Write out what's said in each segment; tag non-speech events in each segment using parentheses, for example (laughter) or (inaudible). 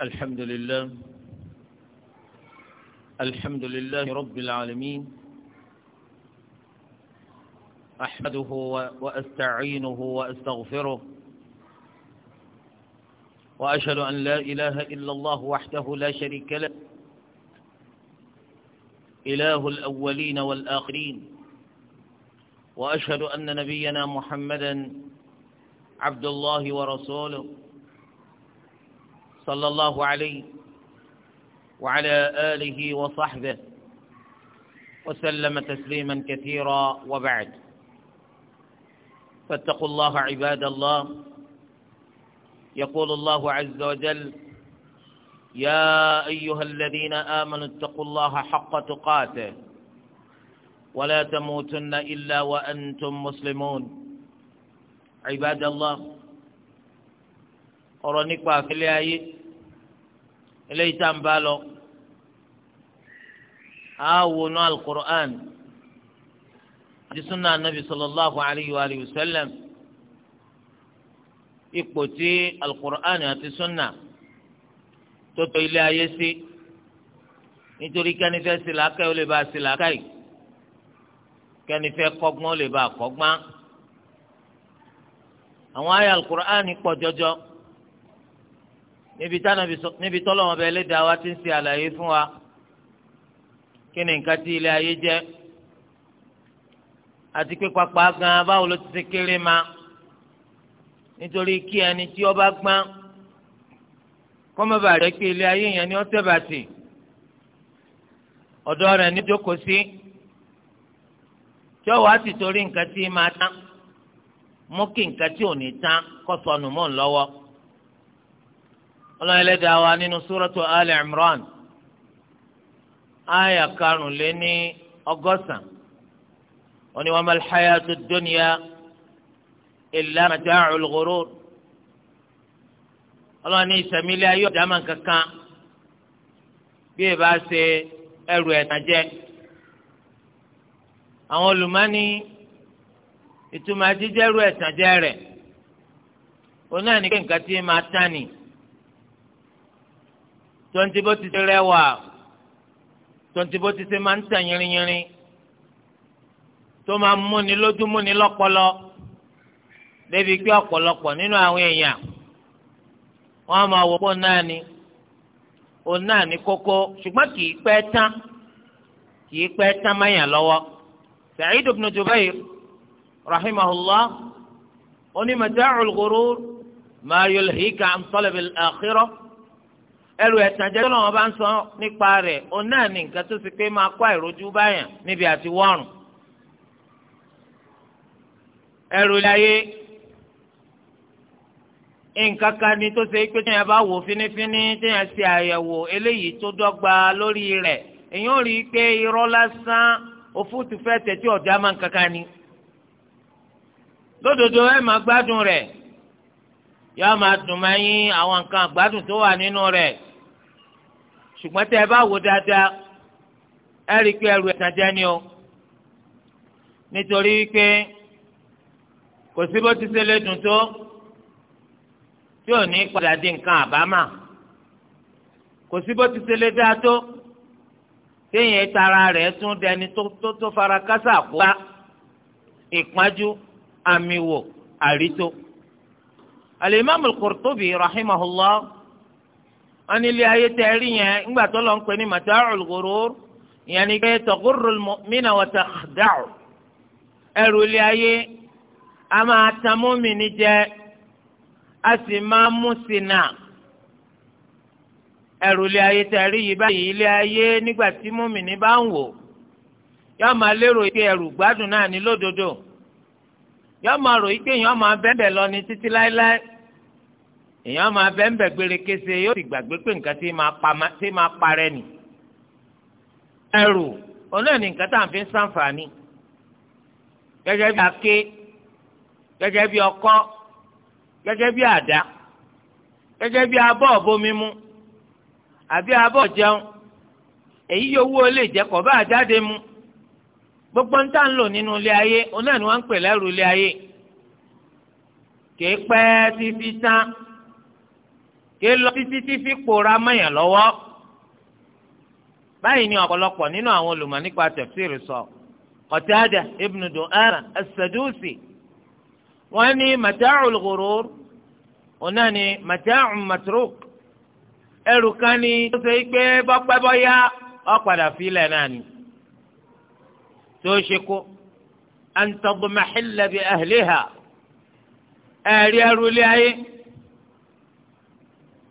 الحمد لله الحمد لله رب العالمين أحمده وأستعينه وأستغفره وأشهد أن لا إله إلا الله وحده لا شريك له إله الأولين والآخرين وأشهد أن نبينا محمدا عبد الله ورسوله صلى الله عليه وعلى آله وصحبه وسلم تسليما كثيرا وبعد فاتقوا الله عباد الله يقول الله عز وجل يا أيها الذين آمنوا اتقوا الله حق تقاته ولا تموتن إلا وأنتم مسلمون عباد الله أرنك في الآيات eléyìí tá à ń bá lọ àwòrán alukur'an di sunna anabi sallallahu alayhi wa sallam ipò tí alukur'an àti sunna tó tọ́ ilé ayé sí nítorí kẹ́nifẹ́ sílàkà ó lè bá sílàkà kẹ́nifẹ́ kọ́gbọ́n ó lè bá kọ́gbọ́n àwọn àyà alukur'an pọ̀ jọjọ níbi tánàbí níbi tọ́lọ́wọ́n bẹ ẹlẹ́dàá wa ti ń ṣe àlàyé fún wa kí ni nǹkan tí ilé ayé jẹ́ àti pé pápá gan báwo ló ti ṣe kéré ma nítorí kí ẹni tí ó bá gbọ́n kọ́mọ́bà rẹ̀ pé ilé ayé yẹn ni ó tẹ̀ bàtì ọ̀dọ́ rẹ̀ níjókòó sí tí ọwọ́ á sì torí nǹkan tí máa tán mú kí nǹkan tí ò ní tán kó sọnù mọ́ ń lọ́wọ́ ọlọ́run ẹlẹ́dàá wa nínú súrọ́tù ali imran àyà karùnléní ọgọ́sàn wọn ni wa mal hayatu dunya illa mata'ul ghurur ọlọ́run ní ìsẹ̀mílẹ̀ ayé ọ̀dàmà kankan bí ẹ bá ṣe ẹrù ẹ̀tàn jẹ àwọn olùmọ́ni ìtumọ̀ jíjẹ́rù ẹ̀tàn jẹ rẹ̀ òun náà ní kí nǹkan tí máa tán nìyí tonti bó ti ṣe rẹwà tonti bó ti ṣe máa ń tàn yìnrìnyìnrìn tó máa ń múni lójú múni lọ́pọlọ débi pé ọ̀pọ̀lọpọ̀ nínú àwọn èèyàn wọ́n á máa wò pọ̀ náà ni òun náà ní kókó ṣùgbọ́n kì í pẹ́ tán kì í pẹ́ tán máyà lọ́wọ́ Sa'id ibn Jubayr rahimahullah oní mata'ul ghurur ma yulhika an talab al ẹrù ẹ̀tàn jẹ́ wọn bá ń sọ nípa rẹ̀ òun náà ní nǹkan tó ti pé máa kó àìrójú báyàn níbi àti wọ́rùn. ẹrù láyé nǹkan kan ni tó ṣe pé téèyàn bá wò fínífíní téèyàn ṣe àyẹ̀wò eléyìí tó dọ́gba lórí rẹ̀ èèyàn rí i pé irọ́ lásán òfútu fẹ́ tẹ̀tí ọ̀dà máa ń kankan ni. lódodo ẹ máa gbádùn rẹ̀ yóò máa dùn máa yín àwọn nǹkan àgbádùn tó wà nínú rẹ̀ ṣùgbọ́n tẹ́ ẹ bá wò dáadáa ẹ rí i pé ẹrù ẹ̀sán jẹ́ ni o nítorí pé kò sí bó ti ṣe lè dùn tó tí ò ní padà di nǹkan àbámà kò sí bó ti ṣe lè dáa tó téèyàn tara rẹ̀ tún dẹni tó fara kásá kó ìpájú àmì wò àrító. Al-Imam rahimahullah. wọn ní ilé ayé tẹ yẹn ńgbà lọ ń pè ni pé ta ẹrù ilé ayé a máa mi mọ́mìnì jẹ a sì máa mú sínà ẹrù ilé ayé tẹ rí yìí báyìí ilé ayé nígbà tí bá ń wò máa lérò pé ẹrù gbádùn náà ní lódodo máa rò pé lọ ní títí láéláé èèyàn máa bẹ́ ń bẹ̀ gbére kése yóò sì gbàgbé pé nǹkan tí máa pa tí máa parẹ́ nì. ẹrù ọ̀nà ní nǹkan tá à ń fi ń sàǹfààní gẹ́gẹ́ bí aké gẹ́gẹ́ bí ọkọ́ gẹ́gẹ́ bí àdá gẹ́gẹ́ bí abọ́ ọ̀bọmímú àbí abọ́ jẹun èyí yòówù ó lè jẹ́ kọ̀ àjáde mu gbogbo ń tà ń lò nínú ilé ayé ọ̀nà ni wọ́n ń pè lẹ́rù ilé ayé kì í pẹ́ tán ké lọ títí tí fi kpòrá mẹyàn lọ́wọ́ báyìí ni ọ̀pọ̀lọpọ̀ nínú àwọn olùmọ̀ nípa tafsir sọ Qatada ibn Du'ama as-Sadusi wọ́n ní mata'ul ghurur wọ́n náà ní mata'un matruk ẹrù kan ní tó ṣe pé bọ́pẹ́ bọ́yá ó padà náà ni tó ṣe kó an tadmahilla bi ahliha ẹ̀rí ẹrù ilé ayé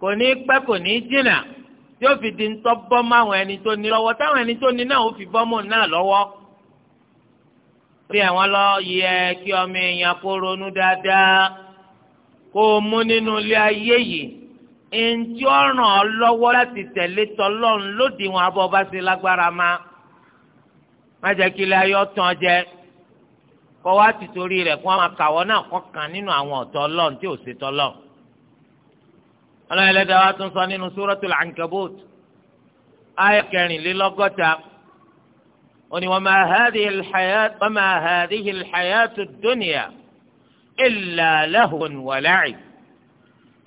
kò ní pẹ́ kò ní jìnnà yóò fi di ńtọ́ bọ́ mọ́ àwọn ẹni tó ní lọ́wọ́ táwọn ẹni tó ní náà ó fi bọ́ mọ́ náà lọ́wọ́. bí àwọn lọ yẹ kí ọmọ èèyàn kó ronú dáadáa kó o mú nínú ilé ayé yìí ẹnjẹ́ ọ̀ràn ọ láti tẹ̀lé tọlọ́run lódiwọ̀n abọ́ bá lágbára ma má jẹ́ kí ilé ayé ọ̀tàn jẹ kọ́ wá ti torí rẹ̀ kó wọn kàwọ́ náà kọ́ nínú àwọn ọ̀tọ̀ ọlọ́run tí ò ṣe tọlọ́run ọlọ́run ẹlẹ́dàá wa tún sọ nínú suratul ankabut ayé kẹrìnlélọ́gọ́ta oni wa ma hadhihi alhayat wa ma hadhihi alhayatu ad-dunya illa lahun wa la'ib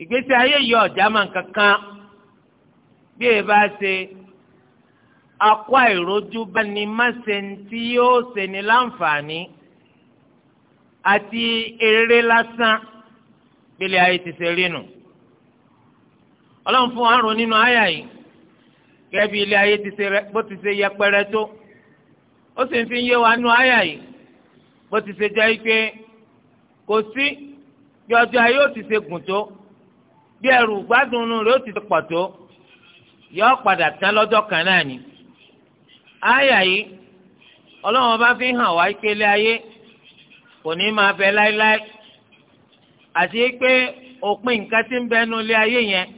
ìgbésí ayé yìí ọ̀já máa ń kankan bí e bá ṣe akọ àìrójú bá ní másẹ̀ntì yóò ṣe ní láǹfààní àti eré lásán bí ayé ti ṣe rí nù ọlọ́run fún wa ń ro nínú àyà yìí gẹ́gẹ́ bí ilé ayé bó ti ṣe yẹpẹrẹ tó ó sì ń fi yé wa nínú àyà yìí bó ti ṣe jẹ́ pé kò sí bí ọjọ́ ayé ó ti ṣe gùn tó bí ẹrù gbádùn inú rẹ̀ ó ti pọ̀ tó yọ padà tán lọ́jọ́ kan náà ni àyà yìí ọlọ́run bá fi hàn wá pé ilé ayé kò ní máa bẹ láéláé àti pé òpin nǹkan tí ń bẹ ilé ayé yẹn.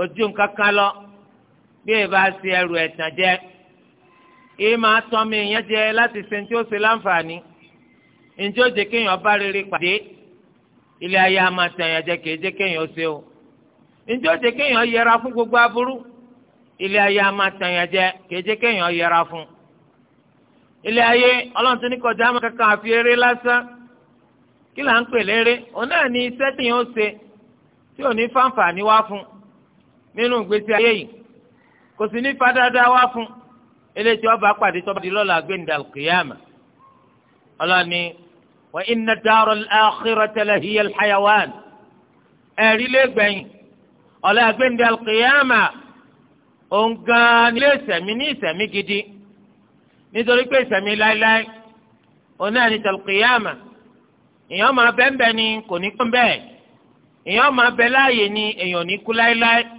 Ojú nǹkan kan lọ bí ẹ bá ṣe ẹrù ẹ̀tàn jẹ èyí máa tán mi ìyẹn jẹ láti ṣe tí ó ṣe láǹfààní njẹ́ ó jẹ́ kéèyàn bá rere pàdé ilé ayé a jẹ kéèyàn o ó jẹ́ kéèyàn yẹra fún gbogbo aburú ilé ayé jẹ kéèyàn yẹra fún ilé ayé ọlọ́run tó ní kọjá máa kankan àfi eré lásán kí là ń pè léré nínú ìgbésí ayé yìí kò sì ní fadáadáa wá fún eléyìí tí wọn bá pàdé tó bá di lọ́la gbẹ̀ndà kìyàmà ọlọ́ni wa inna dara al-akhirata lahiya al-hayawan ẹ̀rí lẹ́gbẹ̀yìn ọ̀la gbẹ̀ndà kìyàmà òǹgàn ilé ìsẹ̀mí ní ìsẹ̀mí gidi nítorí pé ìsẹ̀mí láéláé òun náà ní tàlùkìyàmà èèyàn máa bẹ́ẹ̀ bẹ́ẹ̀ ni kò ní kún bẹ́ẹ̀ èèyàn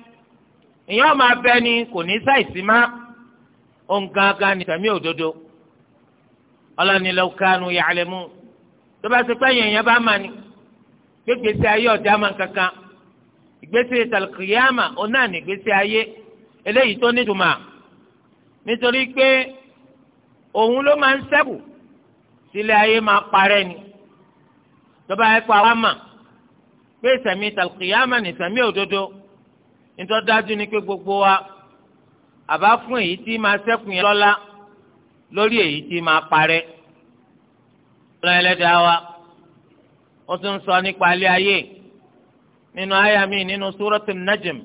ìyẹn ọmọ abẹ ni kò ní sáìsì má òun gángan ní tàmí òdodo ọlọ́ni law kanu ya'lamun tó bá ti pẹ́ yẹn yẹn bá mà ní gbégbèsè ayé ọ̀dà máa kankan ìgbésí tàlùkìyàmà ọ̀nà ní ìgbésí ayé eléyìí tó nítumọ̀ nítorí pé òun ló máa ń sẹ́bù sílé ayé máa parẹ́ ni tó bá yẹ kó àwọn mà pé sẹ̀mí tàlùkìyàmà ní sẹ̀mí òdodo nítorí dájú ni pé gbogbo wa àbá fún èyí tí máa ṣẹ́kùn yẹn lọ́lá lórí èyí tí máa parẹ́ lọ́nà ẹlẹ́dàá wa ó tún sọ nípa ilé ayé nínú àyà mi nínú súrọ́tì Najm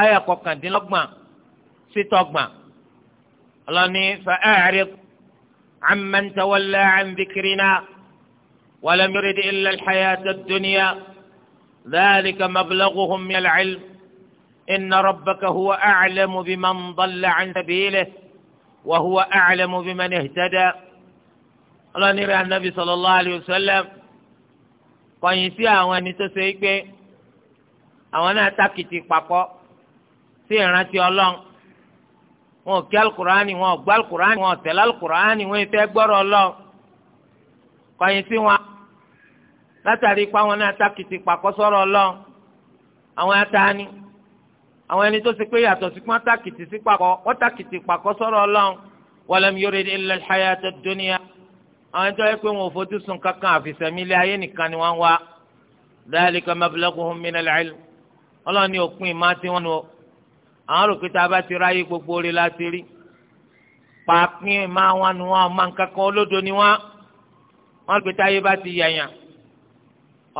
àyà kọkàndínlọ́gbọ̀n sítọ́gbọ̀n ọlọ́ni fa'arid amman tawalla an dhikrina wa lam yurid illa al-hayata ad-dunya dhalika إن ربك هو أعلم بمن ضل عن سبيله وهو أعلم بمن اهتدى الله نرى النبي صلى الله عليه وسلم kọ̀yìn sí àwọn ẹni tó ṣe é gbé àwọn náà tákìtì papọ̀ sí ìrántí ọlọ́run wọn ò kí alukurani wọn ò gbọ́ alukurani wọn ò tẹ̀lé alukurani wọn ìfẹ́ gbọ́rọ̀ ọlọ́run kọ̀yìn wọn látàrí ipá wọn náà tákìtì papọ̀ sọ̀rọ̀ ọlọ́run àwọn ata ni àwọn ẹni tó ṣe pé yàtọ̀ sí pọ́n tákìtì sí pàkọ́ wọ́n tákìtì pàkọ́ sọ̀rọ̀ ọlọ́run walam yurid illa al-hayata ad-dunya àwọn ẹni tó yẹ pé wọn ò fojú sùn kankan àfìsẹ́mílẹ̀ ayé nìkan ni wọ́n wá dhalika mablaghuhum min al-ilm ọlọ́run ní òpin ìmá tí wọ́n nu o àwọn rò pé tá a bá ti ráyé gbogbo orí la ti rí pàápín ìmá wọn nu wọn ọmọ nǹkan kan olódo ni wọn wọn rò pé bá ti yẹ̀yàn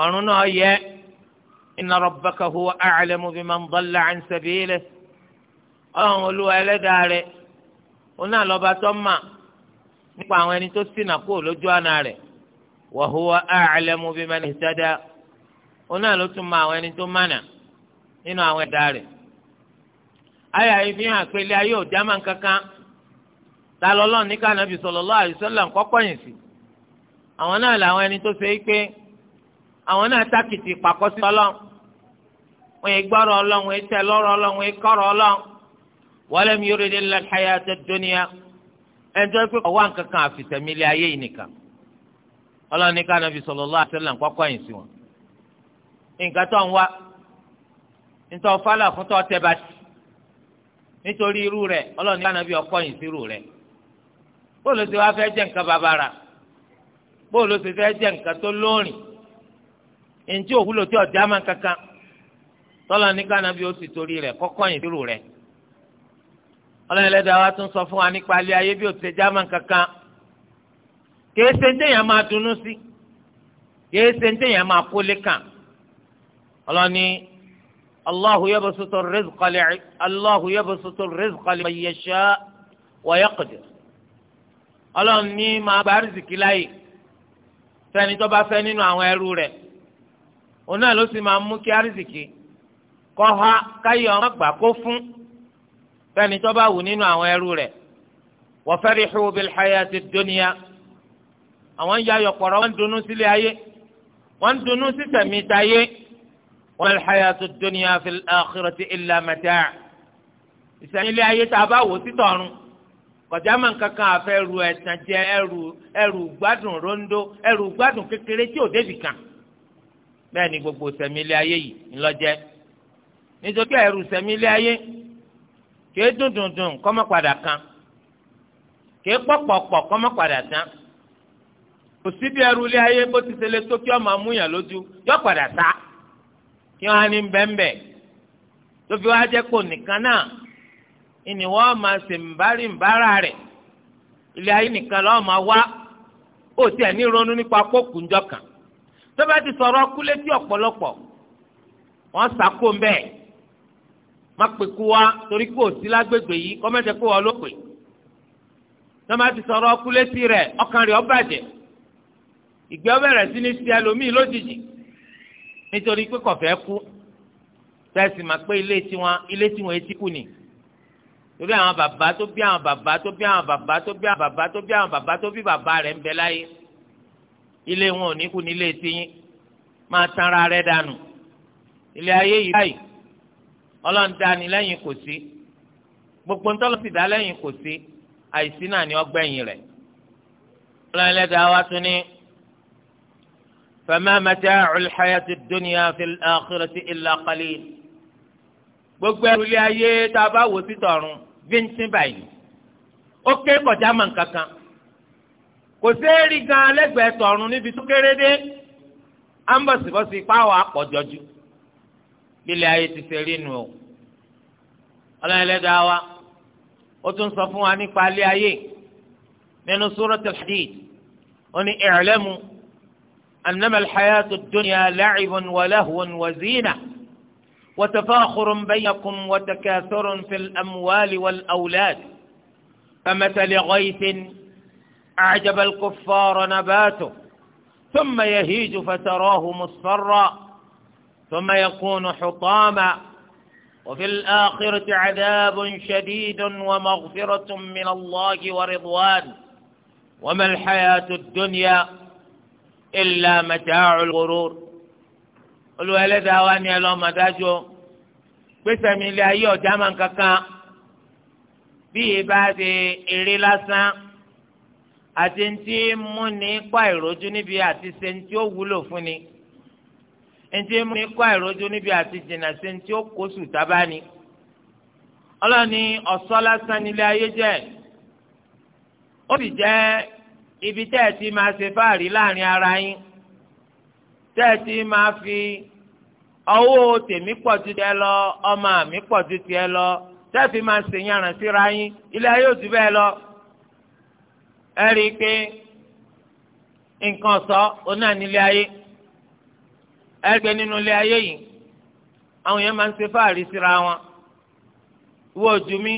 ọ̀run náà yẹ إن ربك هو أعلم بمن ضل عن سبيله ọlọ́run olúwa ẹlẹ́dàá rẹ̀ òun náà lọ́ba tó mà nípa àwọn ẹni tó ṣìnà kúrò lójú àná rẹ̀ wa huwa a'lamu biman ihtada òun náà ló tún mọ àwọn ẹni tó mànà nínú àwọn hàn pé ilé ayé máa ń kankan ta lọ́lọ́run ní sí. àwọn náà làwọn ẹni tó ṣe é pé àwọn náà tákìtì ọlọ́run wọn yìí gbọ́rọ̀ ọlọ́run yìí tẹ lọ́rọ̀ ọlọ́run wọn yìí kọ́rọ̀ ọlọ́run wa lam yuridil hayata dunya ẹjọ́ pé ọwọ́ nǹkan àfìsẹ́mílẹ̀ ayé yìí nìkan ọlọ́run ní ká nàbì sallallahu alaihi wasallam kọ́kọ́ yìí sí wọn. nǹkan tó ń wá nítorí fálà fún tó tẹ bá ti nítorí irú rẹ̀ ọlọ́run ní yìí sí irú rẹ̀ tọ́lá ní bí ó sì torí rẹ̀ kọ́kọ́ yìí dúró rẹ̀ ọlọ́run wa tún sọ fún wa nípa alẹ́ ayé bí òtún ẹja máa kankan kìí ṣe téèyàn máa dunnú sí kìí ṣe téèyàn máa kólé kàn ọlọ́run ní allahu yabsutu rizqa li allahu yabsutu rizqa li man máa bá rìsìkì tó bá kọ́ha káyọ̀ ọmọ gbà kó fún fẹ́ni tó bá wù nínú àwọn ẹrú rẹ̀ wa farihu bil hayati dunya àwọn ń yayọ̀ pọ̀rọ̀ wọ́n ń dunnú sílé ayé wọ́n ń dunnú sí tẹ̀mí táyé wa mal hayatu dunya fil akhirati illa mata' ìsẹ̀yìnlẹ̀ ayé tá a bá wò sí tọ̀run kọjá máa kankan àfẹ́ ẹrù ẹ̀sán jẹ ẹrù ẹrù gbádùn rondo ẹrù gbádùn kékeré tí ò débì kan bẹ́ẹ̀ ni gbogbo ìsẹ̀mílẹ̀ ayé yìí ńlọ́jẹ́ nítorí ẹrù sẹ̀mí ilé ayé kìí dùn dùn dùn kọ́mọ́ padà kan kìí pọ̀pọ̀pọ̀ kọ́mọ́ padà tán kò sí bí ẹrù ilé ayé bó ti ṣẹlẹ̀ tó kí ọmọ amúyàn lójú yọ padà sá kí wọn á ní bẹ́ńbẹ́ tó fi wá jẹ́ kó nìkan náà ìní wọn máa ṣe wá ó tiẹ̀ ní ronú nípa kókù ńjọ kan tó bá ti sọ̀rọ̀ kúlé tí ọ̀pọ̀lọpọ̀ wọ́n sàkó má pè kú wa torí kò sí lágbègbè yìí kọ́mẹ́tẹ̀ kó wọ́n ló pè tọ́mọ ti sọ̀rọ̀ ọkúlẹ́tì rẹ̀ ọkàn rẹ̀ ọbàjẹ́ ìgbẹ́ bẹ̀rẹ̀ sí ní ti ẹlòmíì lójijì nítorí pé kọ̀fẹ́ kú tẹ̀sí ma pé ilé tiwọn ilé tiwọn etí kù ni torí àwọn bàbá tó bí àwọn bàbá tó bí àwọn bàbá tó bí àwọn bàbá tó bí àwọn bàbá tó bí bàbá rẹ̀ ń bẹ láyé ilé wọn ò ní kú ní ilé tiyín máa tanra rẹ̀ dànù ilé ayé yìí báyìí ọlọ́run dání lẹ́yìn kò sí gbogbo ntọ́lọ́ sì dá lẹ́yìn kò sí àìsí náà ni ọgbẹ́yìn rẹ̀ ọlọ́run ẹlẹ́dàá wa tún ní fama mata'ul hayati dunya fil akhirati illa qalil gbogbo ẹrù ilé ayé tá a bá wò sí tọ̀run bíntín báyìí ó ké kọjá mọ̀ nkankan kò séèrì gan lẹ́gbẹ̀ẹ́ tọ̀run níbi tó kéré dé ambọ̀sibọ̀sì pàwọ́ àpọ̀jọ́jú. bílẹ̀ ayé ti ṣe rí nu o ọlọ́run ẹlẹ́dàá wa ó tún sọ fún wa nípa alẹ́ ayé nínú suratul Hadid ó ní i'lamu annama al-hayatu ad-dunya la'ibun wa lahwun wa zina wa tafakhurun baynakum wa takathurun fil amwali wal awlad kamathali ghaythin a'jaba al-kuffara nabatuhu thumma yahiju fatarahu musfarra. ثم يكون حطاما وفي الآخرة عذاب شديد ومغفرة من الله ورضوان وما الحياة الدنيا إلا متاع الغرور قلوا هل هذا وأني داجو بسم الله يو جامن كاكا bí ibà ṣe eré lásán àti ntí múni pa ìrojú فني ẹnití ẹ mú ní kó àìrójú níbi àti jìnnà sí ní ó kó sùn tábà ni ọlọ́ni ọ̀sọ́ lásán nílé ayé jẹ́ ó sì jẹ́ ibi tẹ́ ẹ ti máa ṣe fáàrí láàrin ara yín tẹ́ ẹ ti máa fi owó tèmi pọ̀ ju tiẹ̀ lọ ọmọ mi pọ̀ ju tiẹ̀ lọ tẹ́ ẹ fi máa ṣe yàrá síra yín ilé ayé ò jù bẹ́ẹ̀ lọ ẹ rí i pé nǹkan sọ ọ náà nílé ayé ẹgbẹ́ nínú ilé ayé yìí àwọn yẹn máa ń ṣe fáàrí síra wọn wọ́n ojú mi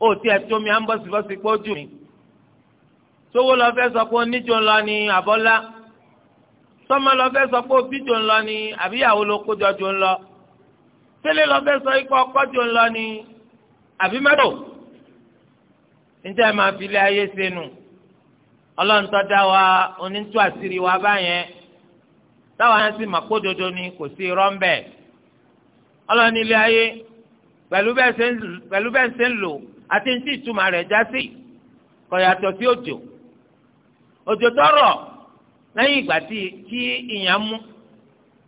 ó tiẹ̀ tó mi à ń bọ̀sibọ́sí pé ó jù mí sówó lọ fẹ́ sọ pé oníjó ńlọ ni àbọ́lá sọmọ lọ fẹ́ sọ pé òbíjó ńlọ ni àbíyàwó ló kójọ jò ńlọ tẹ́lẹ̀ lọ fẹ́ sọ ikọ̀ ọkọ́jò ńlọ ni àbí mẹ́tò níta máa fi ilé ayé sẹ́nu ọlọ́run tó dá wa onítúwàsírí wa báyẹn. táwọn náà sì máa kódodo ni kò sí irọ́ ń bẹ̀. ọlọ́ni ilé ayé pẹ̀lú bẹ́ẹ̀ ṣe ń lò àti ní tí ìtumọ̀ rẹ̀ já sí kò yàtọ̀ sí òjò. òjò tó rọ̀ lẹ́yìn ìgbà tí kí ìyàn mú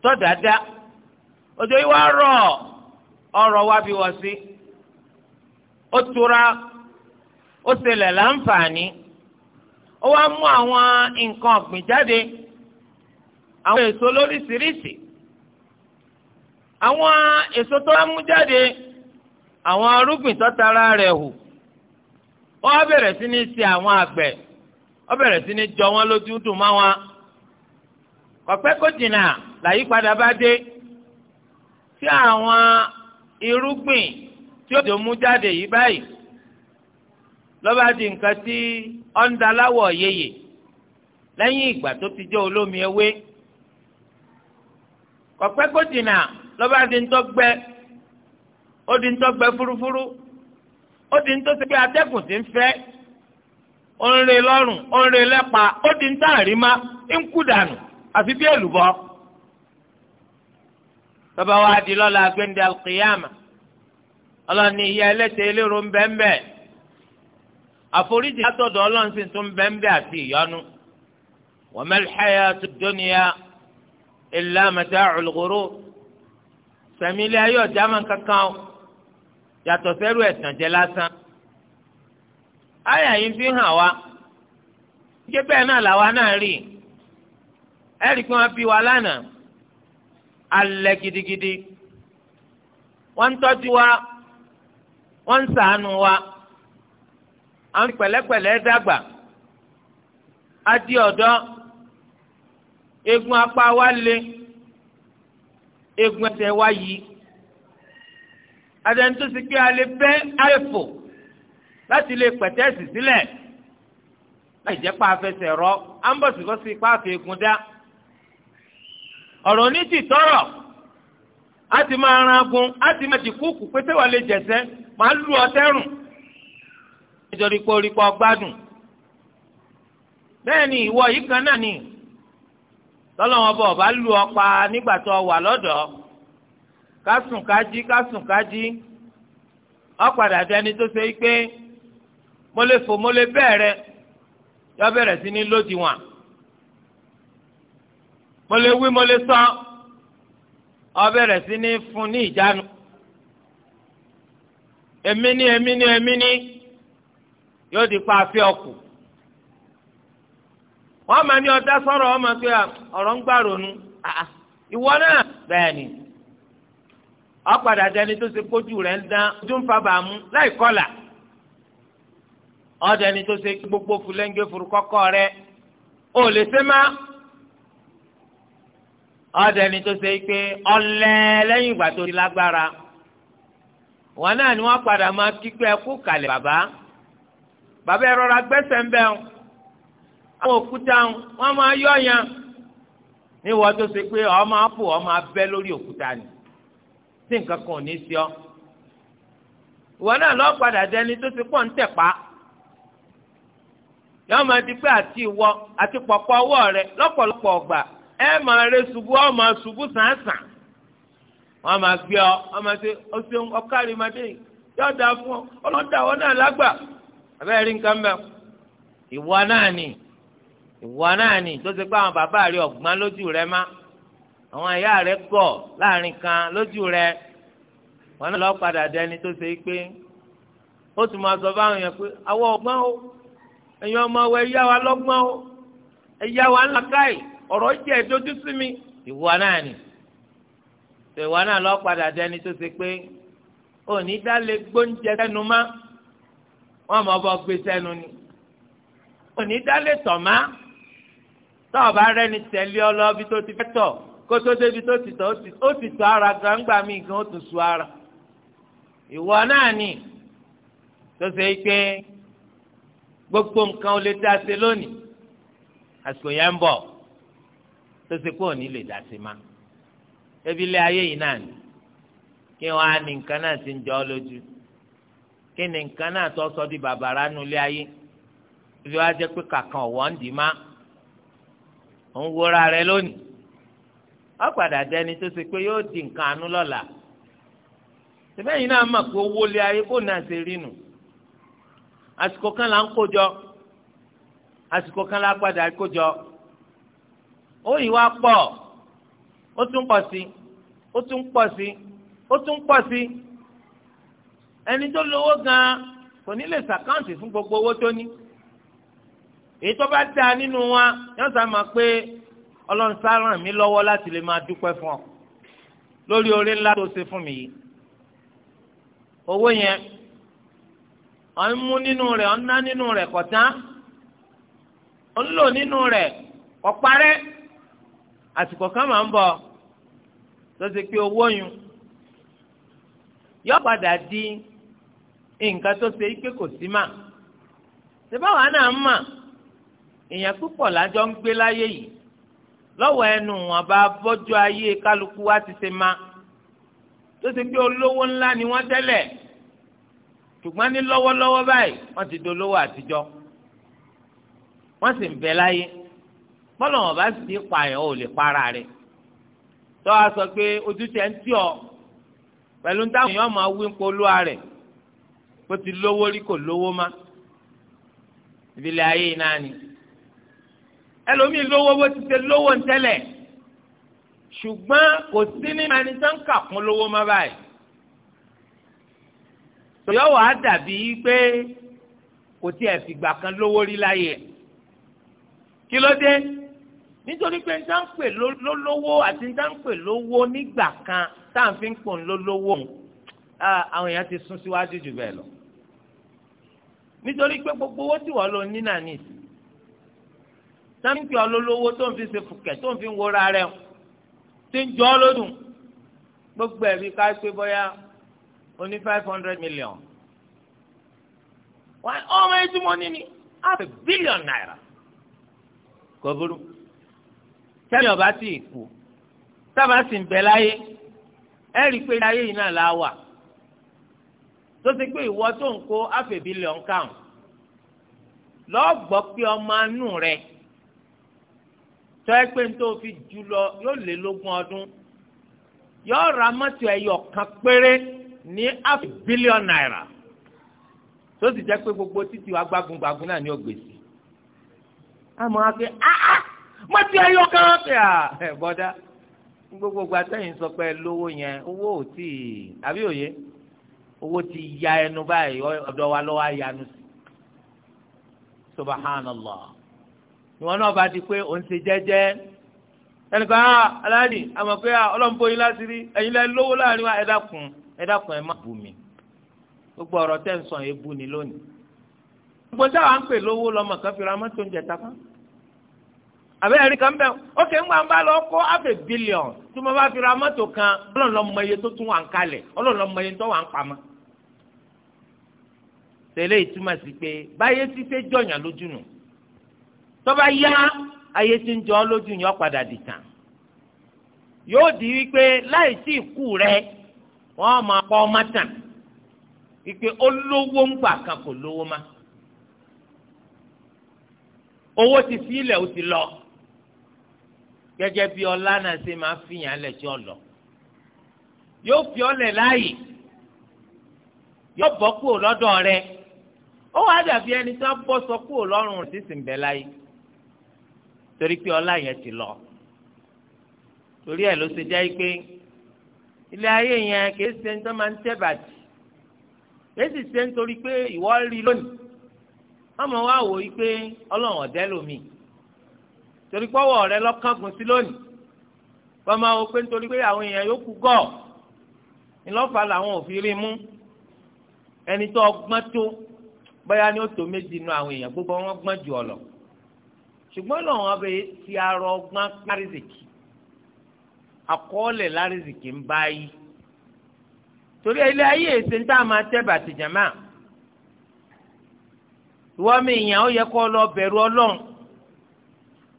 tó dáadáa òjò yìí wá rọ̀ ọrọ̀ wá bí wọ́n sí. ó tura ó ṣẹlẹ̀ láǹfààní ó wá mú àwọn nǹkan ọ̀gbìn jáde. àwọn èso lóríṣiríṣi àwọn èso tó bá mú jáde àwọn arúgbìn tó tara rẹ̀ hù wọ́n bẹ̀rẹ̀ sí ní ṣe àwọn àgbẹ̀ ọ bẹ̀rẹ̀ sí ní jọ wọn lójú dùn mọ́ wọn kọ̀pẹ́ kò jìnnà làyípadà bá dé tí àwọn irúgbìn tí ó mú jáde yìí báyìí lọ́ba di nǹkan tí yeye lẹ́yìn ti jẹ́ olómi kọ̀pẹ́ kó dìnnà lọ́ba di ń tọ́gbẹ́ ó di ń tọ́gbẹ́ fúrúfúrú ó di ń tó ṣe pé atẹ́kùn ti ń fẹ́ ó ń re lọ́rùn ó ń re lẹ́pa ó di ń tààrí má ń kú dànù àfi bí èlùbọ́ lọ́ba wa di lọ́la gbẹ́ndé ọlọ́ni ìyá ń àforíjì látọ̀dọ̀ ọlọ́run sì tún wa illa mata'ul ghurur sẹ̀mí ilé ayé jaman kankan o yàtọ̀ ẹ̀tàn jẹ lásán. àyà yìí fi hàn wá ṣé bẹ́ẹ̀ náà rí wọ́n fi gidigidi wọ́n wa wọ́n ń wa àwọn pẹ̀lẹ́pẹ̀lẹ́ dàgbà egun apá wa le egun ẹsẹ̀ wa yi. yí adẹ́ntó sì pé le bẹ́ àìfò láti lè pẹ̀tẹ́sì sílẹ̀ láì pa afẹsẹ̀ rọ ambọ̀sibọ́sì pa àfẹ́gun dá ọ̀rọ̀ ní tọrọ a ti máa ran agun a ti máa ti kúkú pété wà lè jẹ̀sẹ́ lu ìwọ yìí kan náà tọ́lọ́wọ́n bọ̀ bá lu ọ̀pá nígbà tó wà lọ́dọ̀ kásùn kájí kásùn kájí ọ̀padà dẹni tó ṣe pé mo lè fò mo lè bẹ̀rẹ̀ yọ bẹ̀rẹ̀ sí ní lódiwọ̀n mo lè wí mo lè sọ ọ bẹ̀rẹ̀ sí ní fún ní ìjánu èmi ní èmi ní èmi ní yóò di pa afẹ́ ọkùn. wọ́n máa ní ọ̀dá sọ̀rọ̀ ọmọ pé ọ̀rọ̀ ń gbà ronú ìwọ náà bẹ́ẹ̀ ni ọ̀padà dẹni tó ṣe kójú rẹ̀ ń dán ojú ń fa bàmú láì kọ́là ọ̀dẹni tó ṣe gbogbo rẹ̀ ó lè ṣe má tó ṣe pé ìgbà tó ti lágbára wọn náà ni padà máa bàbá bàbá ẹ rọra ń àwọn òkúta wọn máa yọ yan tó ṣe pé ọmọ apò ọmọ abẹ lórí òkúta ni tí nǹkan kan ò ní sí ọ ìwọ náà lọ padà dẹni tó ti pọ̀ ń tẹ̀pá yọ máa di pé àti ìwọ àti pọ̀pọ̀ ọwọ́ rẹ lọ́pọ̀lọpọ̀ ọgbà ẹ máa rẹ ṣubú ọ máa ṣubú sàǹsàn wọn máa ọ wọn máa ṣe ó máa dé fún ọ ọlọ́dà ọ náà lágbà ìwọ náà ni tó ṣe pé àwọn bàbá rẹ ọ̀gbọ́n lójú rẹ má àwọn ìyá rẹ gọ̀ láàrin kan lójú rẹ wọn náà lọ padà dẹni tó ṣe pé ó tún máa sọ fáwọn èèyàn pé àwọn ọ̀gbọ́n o ẹ̀yin ọmọ wa ẹ̀yà wa lọ́gbọ́n o ẹ̀yà wa ńlákàì ọ̀rọ̀ jẹ́ ìdójú sí mi ìwọ náà ni tó ìwọ náà lọ padà dẹni tó ṣe pé òní dálé gbóúnjẹ sẹ́nu má wọn mọ bọ gbé sẹ́nu ni òní dálé tọ̀ má tọ́ọ̀ bá rẹ́ni tẹ̀lé ọ lọ bí tó ti fẹ́ tọ̀ kó tó débi tó ti tọ̀ ó ti tọ̀ ara gan gbà mí gan ó tún su ara ìwọ náà nì tó ṣe é pé gbogbo nǹkan ò lè dá ṣe lónìí àsìkò yẹn ń bọ̀ tó ṣe pé òní lè dá ṣe má ebi ilé ayé yìí náà ni kí wọn á ní nǹkan náà ti ń jọ ọ lójú kí ni nǹkan náà tó sọ di bàbàrà nulẹ̀ ayé ibi wá jẹ́ pé kàkan ọ̀wọ́ ń dì má. òun wúra rẹ lónìí wọ́n padà dẹni tó ṣe pé yóò di nǹkan àánú lọ́la sẹ́fẹ̀yìn náà mọ̀ pé owó lé ayé kó náà ṣe rí nù àsìkò kan là ń kójọ àsìkò kan là padà kójọ ó yìí wá pọ̀ ó tún pọ̀ sí ó tún pọ̀ sí ó tún pọ̀ sí ẹni tó lówó gan an kò ní lè ṣàkáǹtì fún gbogbo owó tó ní èyí tó bá dáa nínú wa yóò sá máa pé ọlọ́run sá ràn mí lọ́wọ́ láti lè máa dúpẹ́ fún ọ lórí oore ńlá tó ṣe fún mi yìí owó yẹn ọ̀ ń mú nínú rẹ̀ ọ̀ ná nínú rẹ̀ kọ̀tán ọ̀ ń lò nínú rẹ̀ ọ̀parẹ́ àsìkò kan máa ń bọ̀ tó ṣe pé owó yun yọ padà di nǹkan tó ṣe pé kò sí mà ṣe báwa náà ń mà èèyàn púpọ̀ lájọ ń gbé láyé yìí lọ́wọ́ ẹnu wọn bá bọ́jú ayé kálukú wá ti ṣe ma tó ti pé olówó ńlá ni wọ́n tẹ́lẹ̀ ṣùgbọ́n ní lọ́wọ́lọ́wọ́ báyìí wọ́n ti dolówó àtijọ́ wọ́n sì ń bẹ láyé bọ́lọ̀ wọn bá sì ti pààyàn ò lè para rẹ̀ tó a sọ pé ojú ń tì pẹ̀lú táwọn èèyàn máa wí ń polúwa rẹ̀ kó ti lówó rí kò lówó má ìbílẹ̀ ayé náà ni ẹlòmíì lówó bó ti ṣe lówó ń tẹ́lẹ̀ ṣùgbọ́n kò sí ní ẹni tó ń kà kún lówó má báyìí tòyọ́ wàá dàbí pé kò tiẹ̀ fìgbà kan lówó rí láyé kí ló dé nítorí pé níta ń pè lólówó àti níta ń pè lówó nígbà kan tá à ń fi ń pò ń lólówó àwọn èèyàn ti sún síwájú jù bẹ́ẹ̀ lọ nítorí pé gbogbo owó tí wọ́n lò ní nàní sí sáńkì ọlọ́lọ́wọ́ tó ń fi ṣe fùkẹ́ tó ń fi wọra rẹ̀ ti ń jọ́ lódùn gbogbo ẹ̀rí ká pé bọ́yá ó ní five hundred million wọ́n ọmọ ẹtí mo ní ni half a billion naira kò burú sẹ́mi ọba ti kú sábà sì ń bẹ láyé ẹ rí i pé láyé yìí náà la wà tó ti pé ìwọ tó ń kó half a billion count lọ́ọ́ gbọ́ pé ọmọ anú rẹ̀ tọ́ ẹ fi jù lọ yóò lé lógún ọdún yóò ra mọ́tò ẹyọ kan péré ní half billion naira tó sì jẹ́ pé gbogbo titi wa gbágungbàgun náà ni ó gbèsè àmọ́ a fi áá ah, ah, mọ́tò ẹyọ kan ẹ̀ bọ́dá gbogbo gbàtẹ́yìn sọ pé lówó yẹn owó ò tí ì àbí ya ẹnu báyìí ọ̀dọ̀ wa lọ́wọ́ sí ìwọ náà bá di pé òun ṣe jẹ́jẹ́ ẹnìkan á aláàdì àmọ́ pé ah, ah, ọlọ́mùbó yín láti rí ẹ̀yin lẹ́ lówó láàrin wa ẹ dákun ẹ dákun ẹ má bù mí gbogbo ọ̀rọ̀ tẹ́ ń sọ yẹn bú ni lónìí gbogbo sáà à ń pè lówó lọ́mọ kan fi ra mọ́tò ń jẹ tapá àbẹ ẹ̀rí kan bẹ́ẹ̀ ókè ń gbà ń bá lọ kó àfẹ́ bílíọ̀n tí mo bá fi mọ́tò kan ọlọ́run tọba ya ayé tí ń jọ lójú yẹn padà dì tàn yóò di wípé láìsí ikú rẹ wọn máa kọ́ ọmọ tàn wípé olówó ń gbà kan kò lówó má owó ti fi ilẹ̀ ó ti lọ gẹ́gẹ́ bí ọlá náà ṣe máa fi yàn án lẹ̀ tí ó lọ yóò fi ọ́ láàyè yóò bọ́ kúrò lọ́dọ̀ rẹ ó wá dàbí ẹni tó bọ́ sọ kúrò lọ́rùn sísìn bẹ́ẹ̀ láyé. torí pé ọlá yẹn ti lọ torí ẹ̀ ló ṣe jẹ́ pé ilé ayé yẹn kìí ṣe ń tán máa ń tẹ́ bàtì kìí sì ṣe ń torí pé ìwọ rí lónìí ọmọ wa wò yí pé ọlọ́run ọ̀dẹ́ lomi torí pọ́wọ́ rẹ lọ́kàngùn sí lónìí bọ́mọ wo pé nítorí pé àwọn èèyàn yóò kú ńlọ́fà làwọn ò fi rí mú ẹni tó ọgbọ́n tó bóyá ni ó tó méjì nu àwọn èèyàn gbogbo wọn gbọ́n jù ọ lọ. ṣùgbọ́n lọ́wọ́n abẹ ti arọ ọgbọ́n lárízìkì àkọọ́lẹ̀ lárízìkì ń bá yí torí ilé ayé èsè ń tá a máa tẹ́ bàtì jàmá ìwọ́n mi ìyàn ó yẹ kó lọ bẹ̀rù ọlọ́run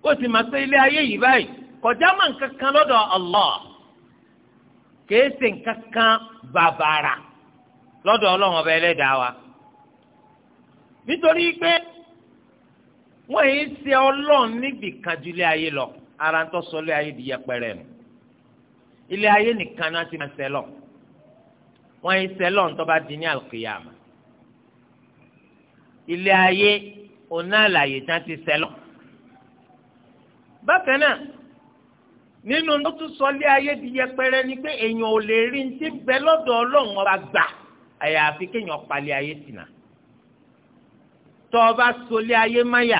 ó sì máa pé ilé ayé yìí báyìí kọjá mọ́ nǹkan kan lọ́dọ̀ Allah kìí ṣe nǹkan kan bàbàrà lọ́dọ̀ ọlọ́run ọba ẹlẹ́dàá wa nítorí pé. wọ́n yìí ṣe ọlọ́run níbi kajúlé ayé lọ ara ń tọ́sọ ilé ayé di yẹpẹrẹ nù ilé ayé nìkan náà ti máa sẹ́lọ̀ wọ́n yìí sẹ́lọ̀ ń tọ́ba di ní àlùkìyàmà ilé ayé ọ̀nà àlàyé tán ti sẹ́lọ̀ bákan náà nínú tó tún sọ ayé di yẹpẹrẹ ni pé èèyàn ò lè rí ní ti bẹ lọ́dọ̀ ọlọ́run ọba gbà àyàfi kéèyàn palẹ̀ ayé tì náà t'ọba ọ bá ayé máyà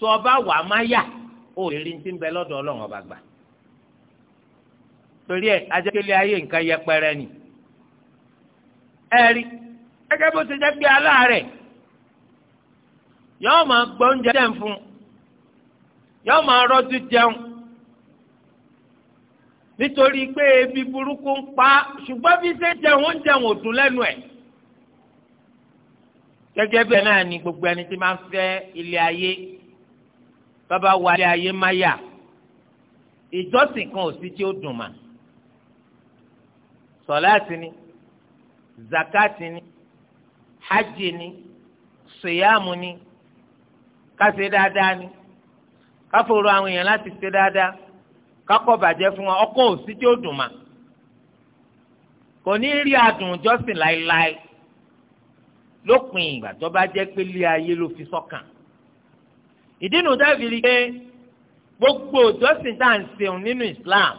tọ́ wà máyà ó lè rí ti ń bẹ lọ́dọ̀ ọba gbà. torí ẹ ajẹ́kẹ́lé ayé nǹkan yẹpẹrẹ ni. eri rí bó ti jẹ pé aláàárẹ̀ yọ́ọ́ máa gbọ́ oúnjẹ jẹun fún yọọ ma máa jẹun nítorí pé ebi burúkú ń pa ṣùgbọ́n bí ṣe jẹun oúnjẹ dùn gẹ́gẹ́ bẹ́ẹ̀ náà ni gbogbo ẹni tí máa ń fẹ́ ilé ayé bàbá wa ilé ayé má yà ìjọsìn kan ò sí tí ó dùn mà sọláàtì ni zakati ni hajj ni sèyàmù ni kásẹ dáadáa ni káfòrò àwọn èèyàn láti ṣe dáadáa kákọ bàjẹ́ fún wọn ọkọ ò sí tí ó dùn mà kò ní rí adùn ìjọsìn láéláé lópin ìgbà tó bá jẹ́ pé lé ayé ló fi sọ́kàn ìdí nu dábìlì pé gbogbo ìjọsìn tá à ń ṣeun nínú Islam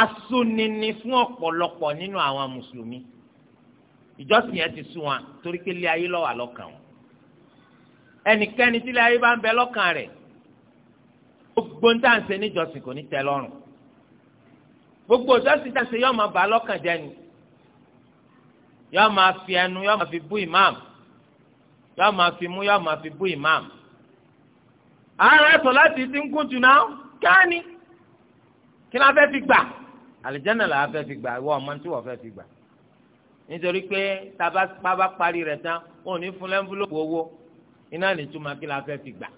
asúnini fún ọ̀pọ̀lọpọ̀ nínú àwọn mùsùlùmí ìjọsìn yẹn ti sún wọn torí pé lé ayé ló wà lọ́kàn wọn ẹnikẹ́ni tí lé ayé bá ń bẹ lọ́kàn rẹ̀ gbogbo ń tà ń ṣe níjọsìn kò ní tẹ́ lọ́rùn gbogbo ìjọsìn tá à ń ṣe yóò máa bà lọ́kàn jẹ́ ni yóò máa fi ẹnu yóò máa fi bú imam yóò máa fi mú yóò máa fi bú imam ara ẹ̀sọ̀ láti ti ń kún jù náà káàní kí la fẹ́ fi gbà àlìjáná la fẹ́ fi gbà ìwọ ọmọ tí wọ́n fẹ́ fi gbà nítorí pé tába bá parí rẹ̀ tán òun ní fún lẹ́ńfúlọ́pù owó iná lè kí la fẹ́ fi gbà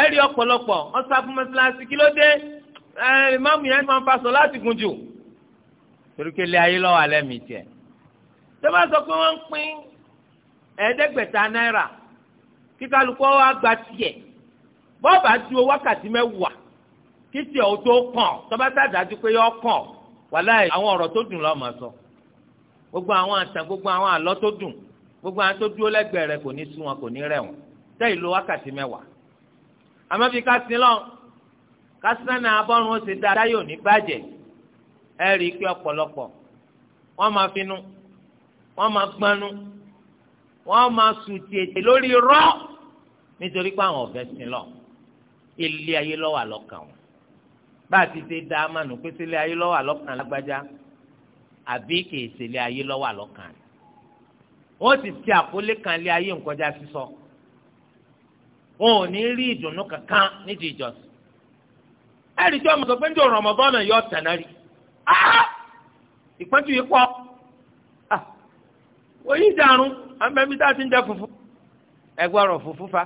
ẹ ọ̀pọ̀lọpọ̀ ọ̀sán fún mọ́sálásí kí ló dé ẹ̀ ìmáàmù yẹn máa ń fa sọ láti gùn jù torí pé ilé ayé lọ́wọ́ alẹ́ mi tiẹ̀ tó bá sọ pé wọ́n ń pín ẹ̀ẹ́dẹ́gbẹ̀ta náírà kí kálukú wa gba tiẹ̀ bọ́ọ̀bà ju wákàtí mẹ́wàá kí tiẹ̀ o tó kàn tó bá sàdájú pé yọ kàn wàláhì àwọn ọ̀rọ̀ tó dùn lọ́ọ́ máa sọ gbogbo àwọn àtàn gbogbo àwọn àlọ́ tó dùn gbogbo àwọn tó dúró lẹ́gbẹ̀ẹ́ rẹ̀ kò ní sú wọn kò ní rẹ̀ wọn tẹ́ wákàtí mẹ́wàá àmọ́ fi ká lọ ká sánà abọ́run ó ti dá dáyò ní bàjẹ́ ẹ rí i pé ọ̀pọ̀lọpọ̀ wọ́n máa finú wọ́n máa gbanú wọ́n máa sùn tètè lórí rọ́ nítorí pé àwọn ọ̀fẹ́ sin lọ ilé ayé lọ́wọ́ àlọ́kàn wọn bá a ti ṣe dá a mánu pé sílé ayé lọ́wọ́ àlọ́kàn lágbájá àbí kìí sílé ayé lọ́wọ́ àlọ́kàn wọ́n ti ti àkólé kan lé ayé nkọjá sísọ wọn ò ní rí ìdùnnú kankan nídìí ìjọsìn ẹ̀rí tí ọmọ sọ pé ń dòrò ọmọ bọ́ọ̀nà yọ náà rí i. Ah! ìpọ́njú yìí pọ̀ oyin ah! dàrún amẹ́bí tá a ti ń jẹ fufu ẹgbọ́rọ̀ fufu fa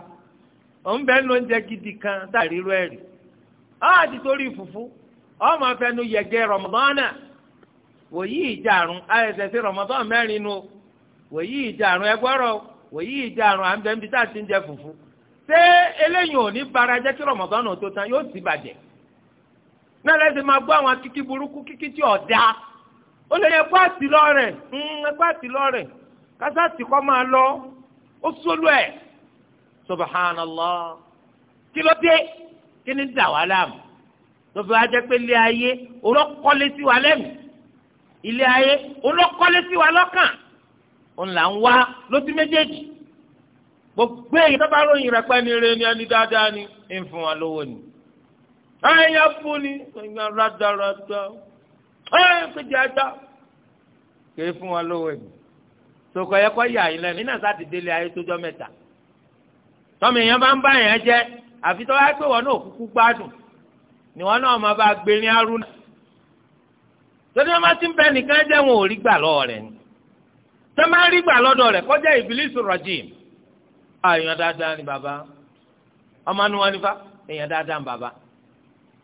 òun bẹ́ẹ̀ ló ń gidi kan táàrí rú ẹ̀rí ọ́ àti torí fufu ọmọ afẹnu yẹgẹ mẹ́rin nu wòyí ìjàrún ẹgbọ́rọ̀ wòyí ìjàrún tá a ti ń jẹ fufu ṣé eléyìí ò ní bara jẹ́ kí rọmọdọ́nà tó tán na lẹ́sìn máa gbọ́ àwọn kíkí burúkú kíkí tí ọ̀dá ó lè yẹ ẹgbẹ́ àti lọ́rẹ̀ ẹgbẹ́ àti lọ́rẹ̀ kásáàtì kọ́ máa lọ ó sólú ẹ̀ subhanallah kí ló dé kí ni láàmú wá pé ilé ayé olókọ́lé sí wa lẹ́nu ilé ayé olókọ́lé sí wa lọ́kàn òun là ń ẹ̀yà fúnni rádaràdà kéé fún lówó yà délé ayé èèyàn bá ń bá àfi tọ́ wáyé pé wọn náà kúkú gbádùn ni wọn náà máa bá gbé ní arúnà tọ́jú wọn bá ti ń bẹ nìkan jẹ́ wọn ò rí gbà rẹ̀ ni tọ́ máa ń rí gbà lọ́dọ̀ rẹ̀ kọjá ìbílísù rọ̀jìm ah, èèyàn dáadáa ni bàbá ọmọ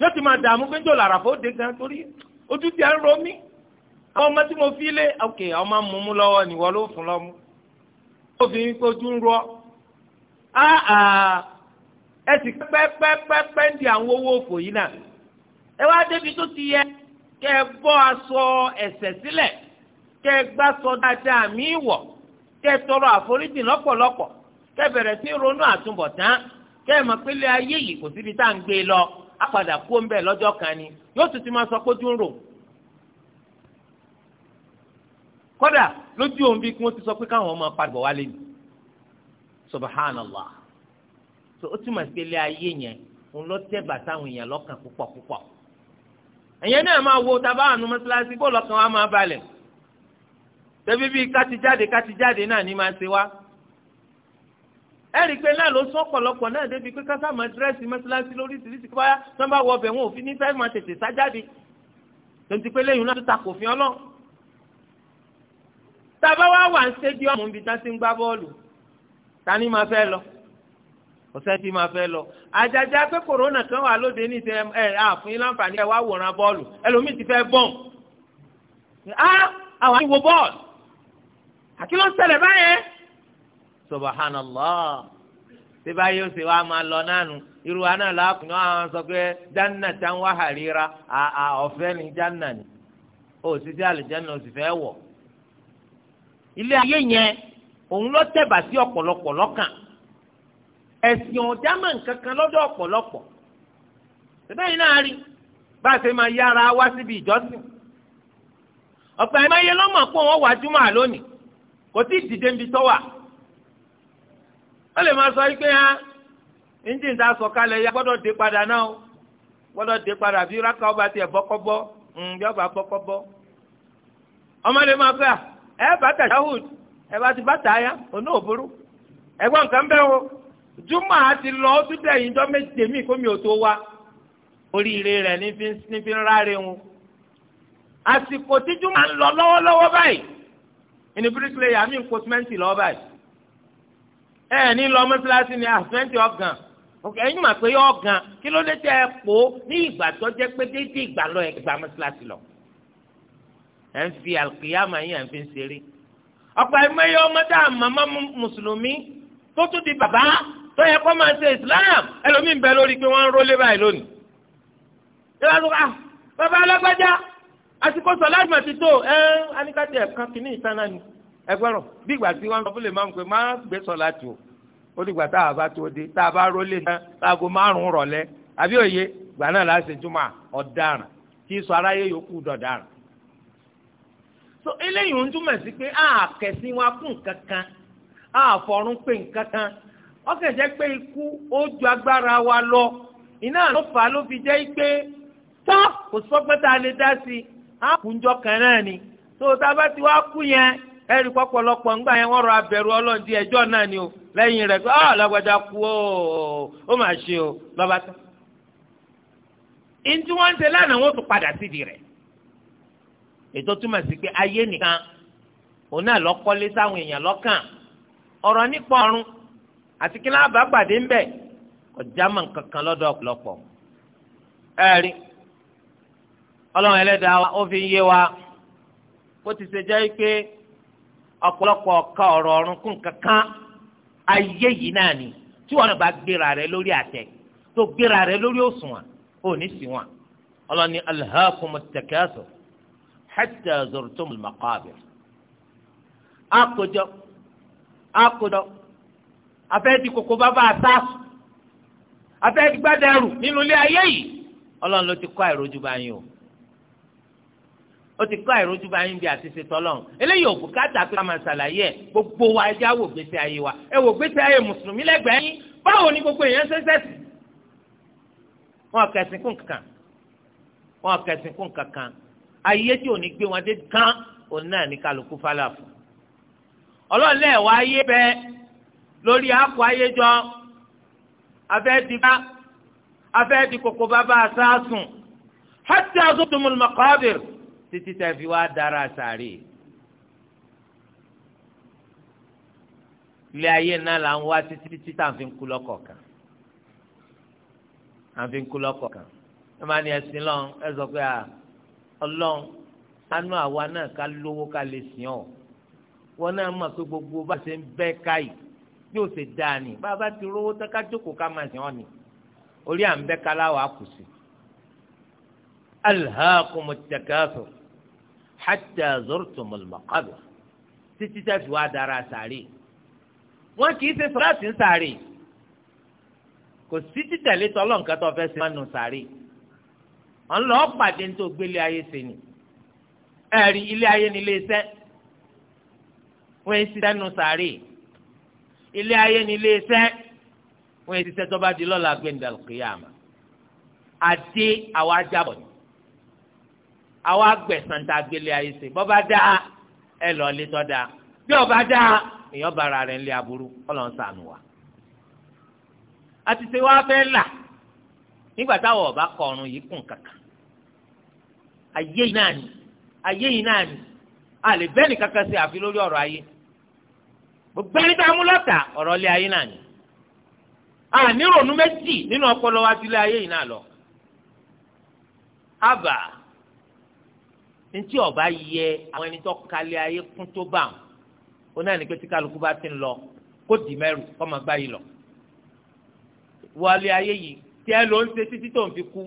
yóò ti máa dààmú pé jọ làràfọ́ òde gan torí ojú ti à ń ro mí àwọn ọmọ tí mo fi lé ok ọmọ mumu lọ́wọ́ nìwọ ló fún lọ́mú ó fi ń kojú ń rọ ẹ sì pẹ́pẹ́pẹ́pẹ́ ń di àwọn owó òfò yìí náà ẹ wá débi tó ti yẹ kẹ ẹ bọ́ aṣọ ẹ̀ṣẹ̀ sílẹ̀ kẹ ẹ gbá sọ dáadáa mí wọ̀ kẹ tọrọ àforíjì lọ́pọ̀lọpọ̀ kẹ sí ronú kẹ pé ayé yìí kò síbi tá à ń gbé lọ. apàdà kú ń bẹ̀ lọ́jọ́ kan ni yóò tún ti máa sọ pé ojú kódà lójú òun bí kí wọ́n ti sọ pé káwọn ọmọ padà wálé ni subhanallah so ó túmọ̀ sí lé ayé yẹn òun ló tẹ́ bàtà àwọn èèyàn lọ́kàn púpọ̀ púpọ̀ ẹ̀yẹn náà máa wo tàbá àánú mọ́ṣáláṣí bó lọ́kàn wa máa balẹ̀ tẹ́bí bíi ẹ̀rí pé náà ló sún ọ̀pọ̀lọpọ̀ náà débi pé kásá máa dírẹ́sì mọ́ṣáláṣí lóríṣiríṣi kí wáyà tó ń bá wọ ọbẹ̀ wọn ò fi ní fẹ́ẹ́ máa tètè sájáde lóńtí pé lẹ́yìn náà tó ta kò fi ọlọ́ tàbá wá wà ń ṣe bí ọmọ níbi tá ti ń gbá bọ́ọ̀lù ta ni máa fẹ́ lọ ọ̀sẹ̀ tí máa fẹ́ lọ àjàjà pé kòrónà kan wà lóde ní ìtẹ ẹ àfún yín láǹfààní ẹ wá wòran bọ́ọ̀lù ẹlòmíì ti fẹ́ bọ́ọ̀n á àwọn àti wo bọ́ọ̀lù àkìlọ́ ń ṣẹlẹ̀ báyẹn subhanallah síbá yóò ṣe wá máa lọ nánu irú wa náà lákùnrin àwọn sọ pé janna tán wá harira àà ọ̀fẹ́ ni janna ni ó sì sí àlùjáná ó sì fẹ́ wọ̀ ilé ayé yẹn òun ló tẹ̀bà sí ọ̀pọ̀lọpọ̀ lọ́kàn ẹ̀sìn ọ̀já mọ̀ nǹkankan lọ́dọ̀ ọ̀pọ̀lọpọ̀ síbẹ̀ yìí náà rí bá a ṣe máa yára wá síbi ìjọsìn ọ̀pọ̀ ẹ̀máyé lọ́mọ̀ pé wọ́n wá júmọ̀ àlónì kò tí ì dìde níbi tọ́wà wọ́n lè máa sọ yìí pé hàn engine tá a sọ ya gbọ́dọ̀ dé padà náà o gbọ́dọ̀ dé padà bí raka ọba tiẹ̀ bọ́kọ́bọ́ ń mm, bí ọba bọ́kọ́bọ́ ọmọ lè máa fẹ́ ẹ bàtà shahud ẹ bá ti bàtà ya nǹkan bẹ́ẹ̀ o júmọ̀ lọ ó tún dẹ̀yìn jọ méje mí kó mi wa oríire rẹ̀ ní fi ń ráre wọn àsìkò tí lọ lọ́wọ́lọ́wọ́ báyìí ń ẹ ní lọ mọ́sálásí ni àfẹ́ǹtì ah, ọ̀gàn ẹ̀yin mà pé ọ̀gàn kí ló dé tẹ́ ẹ pò ó ní ìgbà tó jẹ́ pé déédéé ìgbà lọ ẹ̀ gba mọ́sálásí lọ. ẹ̀ ń fi àlùkìyàmà yín ẹ̀ ń fi ń ṣeré. ọ̀pọ̀ ẹ̀mọ́ yẹ ọmọ tá a mọ̀ mọ́ mùsùlùmí tó tún di bàbá tó yẹ kó máa ṣe Islam ẹlòmíì ń bẹ lórí pé wọ́n ń rólé báyìí lónìí. Ah, bàbá alágbájá àsìkò sọ̀lá ẹgbẹ́rún bí ìgbà tí wọ́n sọ fún lè máa ń pè má gbé sọ láti o ó dìgbà tá a bá tó dé tá a bá rólé náà láago márùn-ún rọ̀lẹ́ àbí òye ìgbà náà láti jùmọ̀ ọ̀daràn tí sọ aráyé yòókù dọ̀daràn. so eléyìí ń túmọ̀ sí pé a kẹ̀sìn wa kún kankan a fọ̀rún pé nkankan ó sì jẹ́ pé ikú ó ju agbára wa lọ iná ló fà á ló fi jẹ́ pé tọ́ kò sọ́gbọ́n tá a lè dá sí i á kú ń jọ kan náà ni tó tá a bá ti wá kú yẹn ẹ̀rí pọ̀pọ̀lọpọ̀ ńgbà yẹn wọ́n rọ abẹ̀rù ọlọ́run di naanị náà ni o lẹ́yìn rẹ̀ pé ọ́ ah, lọ́gbàdá kú ó mà ṣe o lọ́ba tán. wọ́n ń ṣe lánàá wọ́n tún padà di rẹ̀. ètò túmọ̀ sí pé ayé nìkan òun náà lọ́kọ́lé sáwọn èèyàn lọ́kàn ọ̀rọ̀ nípa ọ̀run àti kí pàdé ń bẹ̀ ọjà mọ̀ ń yé wa bó ti ṣe ọ̀pọ̀lọpọ̀ ọ̀ka ọ̀rọ̀ ọ̀run kún kankan ayé yìí náà ni tí wọn bá gbéra rẹ lórí àtẹ tó gbéra rẹ lórí òṣùwọ̀n ò ní sí wọn. ọlọ́ni alhaakumut takathur hatta zurtumul maqabir. akójọ akójọ afẹ́ẹ́dì kòkó bàbá àtàkù afẹ́ẹ́dì gbàdàrú nínú ilé ayé yìí ọlọ́run ló ti kọ́ àìrójú báyìí o ó ti kọ́ àìrójú bá yín bí àṣìṣe tọ́lọ́run eléyìí òkú káàtà pé ká máa ṣàlàyé ẹ̀ gbogbo wa ẹ já wò gbèsè ayé wa ẹ wò gbèsè ayé mùsùlùmí lẹ́gbẹ̀ẹ́ yín báwo ni gbogbo èèyàn ṣe sẹ́sì wọn kẹsìn kún kankan wọn kẹsìn kún kankan ayé tí ò ní gbé wọn dé gán òun náà ní kálukú fálàfù ọlọ́ọ̀lẹ́ wa ayé bẹ lórí àpò ayéjọ afẹ́ di bá afẹ́ di kòkó bàbá sáà sùn hàtí àzọ́tòmùlùmọ̀kọ́ bẹ̀rẹ̀ títí tẹ́ fi wá dára sàárè ilé ayé náà là ń wá títí títí tá à ń fi kú lọ́kọ̀ọ̀kan à ń fi kú lọ́kọ̀ọ̀kan ẹ máa ní ẹsìn lọ́n ẹ sọ pé ọlọ́n anú àwa náà ká lówó ká lè sìn ọ́ wọn náà mọ̀ pé gbogbo bá ṣe ń bẹ́ káyìí yóò ṣe dáa ni bàbá ti rówó tán ká jókòó ká máa sìn ọ́ ni orí à ń bẹ́ ká kù sí. alhaakumut takathur hatta zurtumul maqabir títí tẹ́ fi wá dára sàárè wọ́n kì í ṣe sọ́láàtì ń sàárè kò sí títẹ̀lé tọ́lọ̀ nǹkan tó fẹ́ ṣe mánu sàárè wọ́n lọ pàdé ní tó gbélé ayé ṣe ni ẹ̀rí ilé ayé ni ilé iṣẹ́ wọ́n yẹn ti sẹ́nu sàárè ilé ayé ni ilé iṣẹ́ wọ́n yẹn ti sẹ́ tó bá di lọ́la gbẹ̀ndàlùkìyàmà àti àwọn ajábọ̀ ni àwa gbẹ̀sán tá a gbélé ayé ṣe bọ́ bá dáa ẹ lọ lé tọ́ dáa bí ọba dáa èèyàn bára rẹ̀ ń aburú ọlọ́run ṣàánú wa. àti ṣe wá fẹ́ là nígbà táwọn ọba kọrun yìí kùn kankan ayé yìí náà ni ayé yìí náà ni a lè bẹ́ẹ̀ nìkankan ṣe àfi lórí ọ̀rọ̀ ayé gbogbo ẹni tá a mú lọ́tà ọ̀rọ̀ ilé ayé náà ni a ní ronú méjì nínú ọpọlọ wa ti ilé ayé yìí náà lọ. àbà ntí ọba yẹ àwọn ẹni tó kalẹ̀ ayé kún tó bá wọn ó náà ní pé tí kálukú bá ti ń lọ kó dì mẹ́rù kọ́ máa gbá yìí lọ. wọlé ayé yìí tí ẹ ló ń ṣe títí tó ń fi kú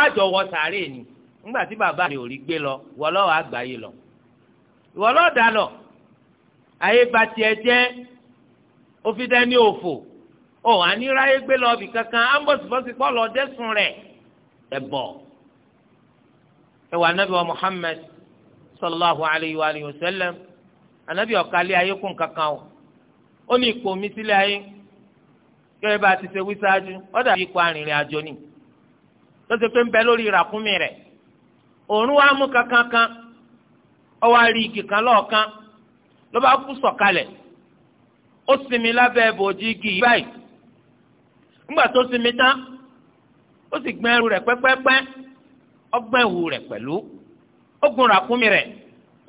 àjọ wọ sàárè ni ńgbà tí bàbá rẹ̀ ò rí gbé lọ wọlọ́wọ́ àgbà yìí lọ. ìwọlọ́ dà lọ ayé ba tiẹ̀ jẹ́ òfin dání òfò ọ̀ àníráyé gbé lọ bì kankan ambos bọ́sì bọ́ọ̀lù ọdẹ́sùn rẹ̀ ẹ̀bọ̀ ẹwà anabi wa muhammed sallallahu alayhi wa alayhi wa sallam anabi ọ̀kálẹ̀ ayé kún kankan o ó ní ipò mi sílẹ̀ ayé a ti ṣe wí sáájú ó dàbí ipò arìnrìn àjò ni tó ṣe pé ń bẹ lórí ìràkúnmí rẹ̀ òórùn wa mú kankan kan ó wá rí igi kan lọ́ọ̀kan ló bá kú sọ̀kalẹ̀ ó sinmi lábẹ́ bòójì igi yìí ọgbọ́n ẹ̀wù rẹ̀ pẹ̀lú ó ràkúnmí rẹ̀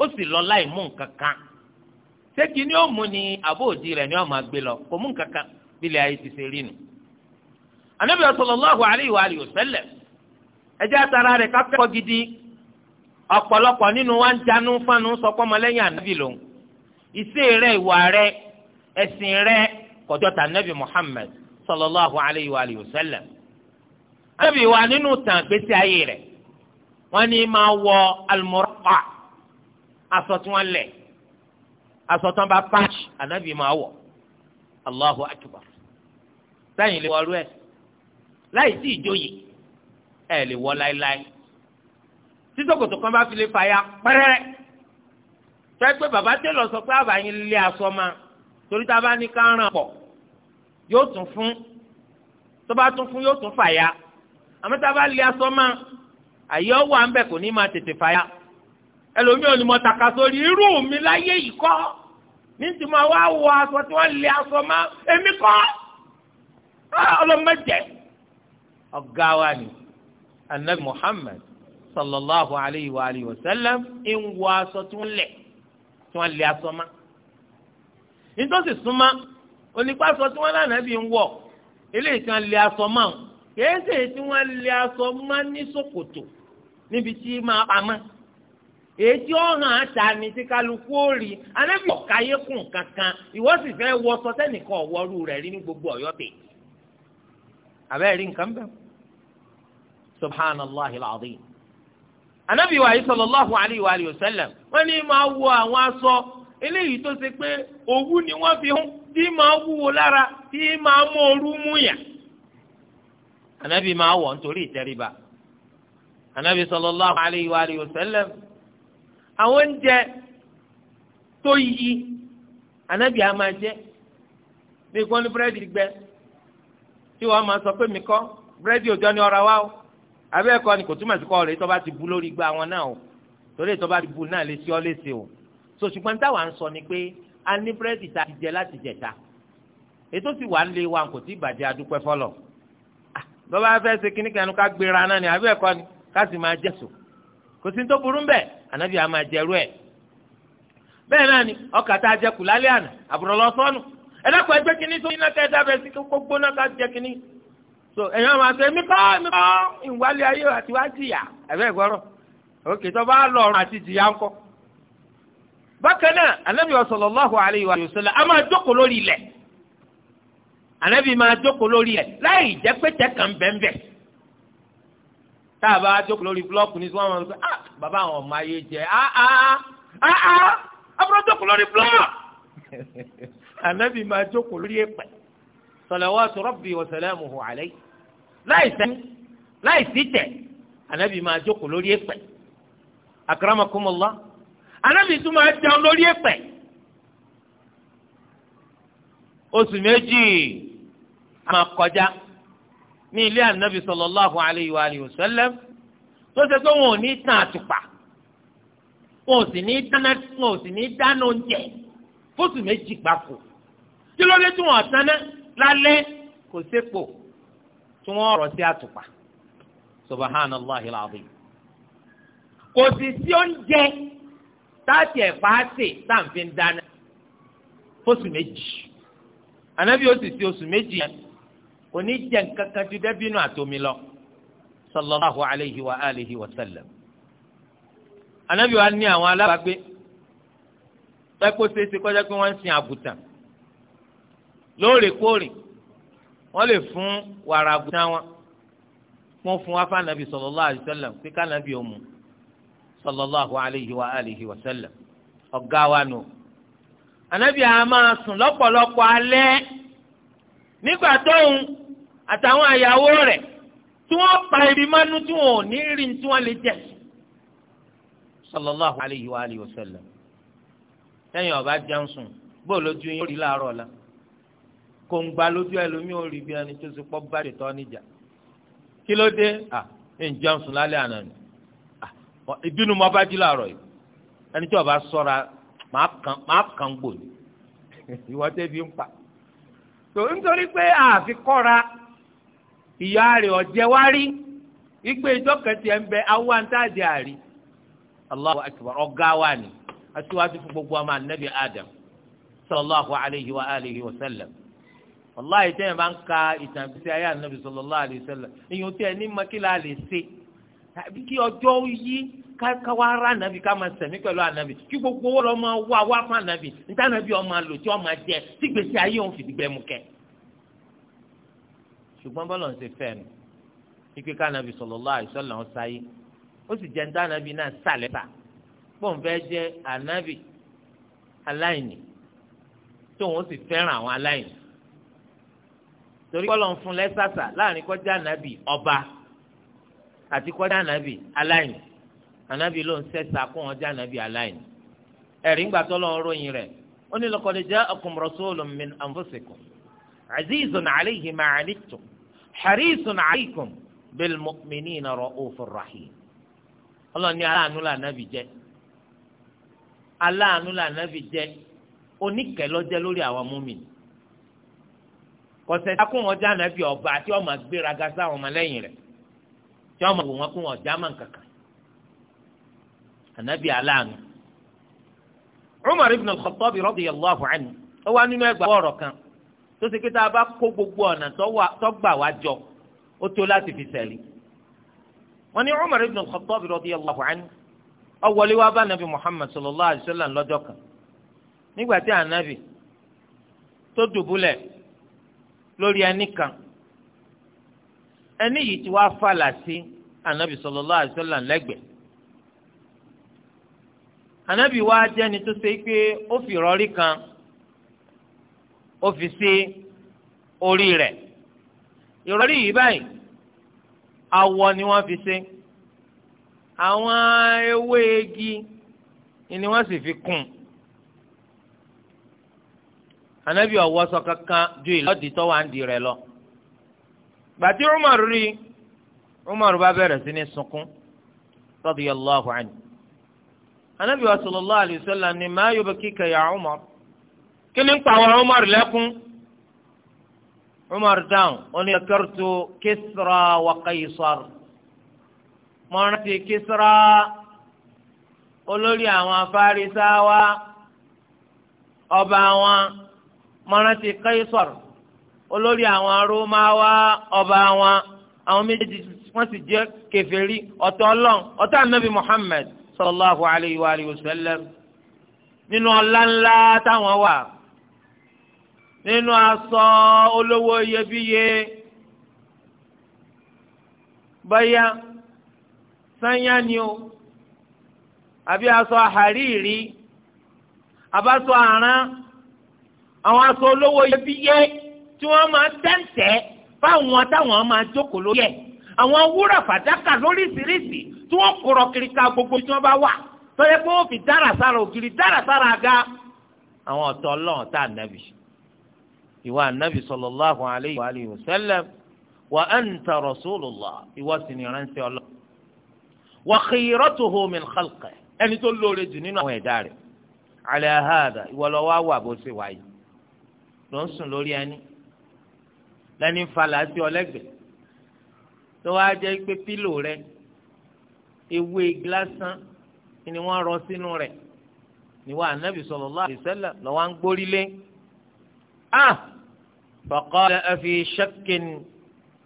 ó sì lọ láì mú nǹkan kan ṣé kí ni ó mú ni àbóòdì rẹ̀ ni ó máa gbé lọ kò mú nǹkan kan bílẹ̀ ayé ti ṣe rí nu. alayhi wa alihi wa ẹjẹ́ àtàrà rẹ̀ kákẹ́kọ̀ọ́ gidi ọ̀pọ̀lọpọ̀ wa ń janú fánu sọpọ́ mọ́lẹ́yìn ànábì lòun ìṣe rẹ̀ ìwà rẹ̀ ẹ̀sìn rẹ̀ kọjọ́ muhammed alayhi wa wa wọ́n ní máa wọ alimọ́rọ́pà aṣọ tí wọ́n lẹ̀ aṣọ tí wọ́n bá patch ànábì máa wọ̀ Allahu akbar sẹ́yìn lè wọ́ọ́rú ẹ̀ láì sí ìjòyè ẹ̀ lè wọ́ láéláé sísòkòtò kan bá fi lè fàyà pẹ́rẹ́ fẹ́ pé bàbá tẹ́lọ̀ sọ pé àbáyín lé aṣọ máa torí tá a bá ní ká ràn pọ̀ yóò tún fún tó bá tún fún yóò tún fàyà àmọ́ tá a bá lé aṣọ máa àyè ọwọ́ à ń kò ní máa tètè fàyà ẹlòmíì ò ní mọ tàka sórí irú mi láyé yìí kọ́ ní ti máa wá wọ aṣọ tí wọ́n lé aṣọ mọ́ èmi kọ́ ọlọ́mọdé ọ̀gá wa ni anabi Muhammad sallallahu alayhi wa alayhi wa sallam ń wọ aṣọ tí wọ́n lẹ̀ tí wọ́n lé aṣọ mọ́ nítòsí súnmọ́ onípa aṣọ tí wọ́n lánàá bí ń wọ̀ eléyìí tí lé aṣọ mọ́ ọ̀hún. ka tí wọ́n lé aṣọ má ní ṣòkòtò níbi tí máa pamọ́ èyí tí ó hàn áta ni tí kálukú rí anábì kankan ìwọ fẹ́ wọ sọtẹ́nìkan ọ̀wọ́rú rẹ̀ rí ní gbogbo ọ̀yọ́ rí nǹkan bẹ́ẹ̀ anábì alayhi wa wa wọ́n ní máa wọ àwọn aṣọ eléyìí tó ni wọ́n fi hún tí máa wúwo lára tí máa mú ooru mú yàn. anabi máa wọ̀ nítorí ìtẹríba anabi sallallahu alayhi wa alihi wa sallam àwọn oúnjẹ tó yí anabi á máa jẹ bí kò ní búrẹ́dì gbẹ tí wọ́n máa sọ pé mi kọ́ búrẹ́dì òjọ́ ni ọ̀rọ̀ wa o abẹ́ ẹ̀kọ́ ni kò túmọ̀ sí kọ́ rẹ̀ tó bá ti bu lórí gbá wọn náà o torí tó bá ti bu náà lè ṣe ọ́ léṣe o so ṣùgbọ́n táwa ń sọ ni pé a ní búrẹ́dì ta ti jẹ láti jẹta ètò sì wà ń lé wa kò tí ì bàjẹ́ adúpẹ́ fọlọ́ bàbá fẹ́ ṣe kíní kan ká gbéra náà ni àbí ẹ̀kọ́ ni ká sì máa jẹ̀sùn kò sí tó burú bẹ́ẹ̀ ànábì àá máa jẹ̀rú ẹ̀ bẹ́ẹ̀ náà ni ọkà tá a jẹ kù lálẹ́ àná àbúrò lọ sọ́nù ẹ̀dàpọ̀ ẹgbẹ́ kíní tó iná kẹ́ẹ́ dábẹ́ sí kó gbóná ká jẹ so ẹ̀yàn máa sọ èmi kọ́ èmi kọ́ ìwálé ayé àti wá jìyà ẹ̀bẹ́ ìgbọ́rọ̀ òkè tó bá lọ ọ̀run àti jìyà ńkọ́ bákan náà ànábì sallallahu alaihi wa sallam máa jókòó lórí ilẹ̀ ànábì máa jókòó lórí ẹ̀ láì jẹ́ pé tẹ̀kàn bẹ́ńbẹ́ tá a bá jókòó lórí búlọ́ọ̀kù ní sọ́wọ́n máa ń sọ ah bàbá àwọn ọmọ ayé jẹ ah ah ah ah abúlé ah, jókòó lórí búlọ́ọ̀kù (laughs) ànábì máa jókòó lórí ẹ̀pẹ̀ salawatu rabbi wa salamuhu alayhi láì sẹ́yìn láì sí tẹ̀ ànábì máa jókòó lórí ẹ̀pẹ̀ akramakumullah ànábì tún máa jẹun lórí ẹ̀pẹ̀ oṣù méjì a máa kọjá ní ilé ànábì sallallahu alayhi wa alihi wa sallam tó ṣe pé wọn ò ní tàn àtùpà wọn ò sì ní dáná wọn ò sì ní dáná oúnjẹ fóṣù méjì gbáko kí ló dé tí wọn sáná lálẹ́ kò sépò tí wọn rọ̀ sí àtùpà subhanallahi alazim kò sì sí oúnjẹ táàtì ẹ̀fà àti táàfin dáná fóṣù méjì ànábì ó sì sí oṣù méjì yẹn òní jẹ nǹkan kan ju dẹ́bínú àtomi lọ sallallahu alayhi wa alihi wa sallam anabi wa ní àwọn alábàágbé pẹ́kó ṣeéṣe kọjá pé wọ́n ń sin àgùtàn lóòrèkóòrè wọ́n lè fún wàrà àgùtàn wọn wọ́n fún wa fànàbì sallallahu alayhi wa sallam pé kànàbì ò mú sallallahu alayhi wa alihi wa sallam ọ̀gá wa nù. anabi a máa sùn lọ́pọ̀lọpọ̀ alẹ́ nígbà tóun àtàwọn àyàwó rẹ̀ tí wọ́n pa ibi mánú tí wọn ò ní rí tí wọ́n lè jẹ. sallallahu alayhi wa alihi wa sallam lẹ́yìn ọba jẹun sùn bó lójú yín ó rí láàárọ̀ la kò ń gba lójú ẹlòmíì ó rí bí ẹni tó ti pọ́ bá lè tọ́ níjà kí ló dé à ń jẹun sùn lálẹ́ àná ni ìbínú mo bá jí láàárọ̀ yìí ẹni tí ọba sọ́ra máa kàn gbòòlì (laughs) ìwọ́tẹ́bí ń pa. tó nítorí pé àfi ìyá ọ ọ̀jẹ̀ wá rí ìjọ awa àrí Allahu akbar wa ni fún anabi Adam sallallahu alayhi wa alayhi wa sallam wàláyé tẹ́yìn bá ń ka alayhi wa sallam ẹ ní lè tàbí kí ọjọ́ yí káwá ká máa sẹ̀mí pẹ̀lú kí gbogbo wọn máa wá wá fún níta ọmọ ọmọ ayé ṣùgbọ́n bọ́lọ̀ ń ṣe fẹ́ nu ikú ká nàbì sallallahu alaihi wasallam sáyé ó sì jẹ́ ń dá nàbì náà sàlẹ̀ sà pọ́ùn fẹ́ jẹ́ ànábì aláìní tóun ó sì fẹ́ràn àwọn aláìní torí kọ́ ló ń fún lẹ́sàsà láàrin kọjá ànábì ọba àti kọjá ànábì aláìní ànábì ló ń sẹ́sà kó wọn jẹ́ ànábì aláìní ẹ̀rí ńgbà tó lọ́ọ́ ròyìn rẹ̀ ó ní laqad ja'akum rasulun min anfusikum harisun alaykum bil mu'minina ra'ufur rahim ọlọ́run ní aláàánú là nábì jẹ́ aláàánú là nábì jẹ́ oníkẹ̀lọ́jẹ́ lórí àwọn múmìnì kọ̀sẹ̀ dákún wọn já nábì ọba tí wọ́n máa gbéraga sáwọn ọmọlẹ́yìn rẹ̀ tí wò wọn já máa ń kankan ànábì aláàánú. Umar ibn al-Khattab anhu tó ṣe pé tá a bá kó gbogbo ọ̀nà tó gbà wá jọ ó tó láti fi sẹ̀lí. wọ́n ní Umar ibn al-Khattab radiyallahu anhu ó wọlé wá bá nabi Muhammad sallallahu alayhi wa sallam lọ́jọ́ kan nígbà tí ànábì tó dùbúlẹ̀ lórí ẹni kan ẹni yìí ti wá fàlà sí ànábì sallallahu alayhi wa sallam lẹ́gbẹ̀ẹ́ ànábì wá jẹ́ni tó ṣe pé ó fi rọrí kan ó fi sí orí rẹ̀ ìrọ̀rí yìí báyìí awọ ni wọ́n fi ṣe àwọn ewé igi ni wọ́n sì fi kùn anabi ọwọ sọ kankan ju ìlọdì tó wà ń di rẹ̀ lọ gbàtí Umar rí Umar bá bẹ̀rẹ̀ sí ní sunkún radiyallahu anhu anabi wa sallallahu alayhi wa sallam ni ma yubkika ya Umar kí ni ń pa àwọn Umar lẹ́kún Umar dáhùn ó ní ẹkẹrìtò Kisra wa Qaisar mo rántí Kisra olórí àwọn afárísáwá ọba wọn mo rántí Qaisar olórí àwọn rómáwá ọba wọn àwọn méjèèjì wọn sì jẹ kèfèrí ọ̀tọ̀ Ọlọ́run ọ̀tọ̀ anabi Muhammad sallallahu alayhi wa sallam nínú ọlá táwọn wà. nínú asọ olówó iyebíye báyà sanya ni o àbí aṣọ àhàríìrí àbáṣọ àrán àwọn asọ olówó iyebíye tí wọ́n máa tẹ̀ǹtẹ̀ fáwọn táwọn máa jókòó lórí ẹ̀ àwọn wúrà fàdákà lóríṣiríṣi tí wọ́n kọ̀rọ̀ kiri ka gbogbo tí wọ́n bá wà tọ́jú pé wọ́n fi dára sára ògiri dára sára aga àwọn ọ̀tọ̀ ọlọ́run tá a nàbì ìwà anabi sallallahu alayhi wa alihi wa sallam wa anta rasulullah ìwà sini ránṣẹ́ ọlọ wa khiratuhu min khalqihi ẹni tó lóore jù nínú àwọn ẹ̀dá rẹ̀ ala hada ìwà lọ wá wà bó ṣe wáyé ló ń sùn lórí ẹni lẹni falà sí ọlẹgbẹẹ tó wá jẹ́ pé pílò rẹ̀ ewé gílásán ni wọ́n rọ sínú rẹ̀ níwọ anabi sallallahu alayhi wa sallam lọ wá ń gbórí lé ah faqala afi shakkin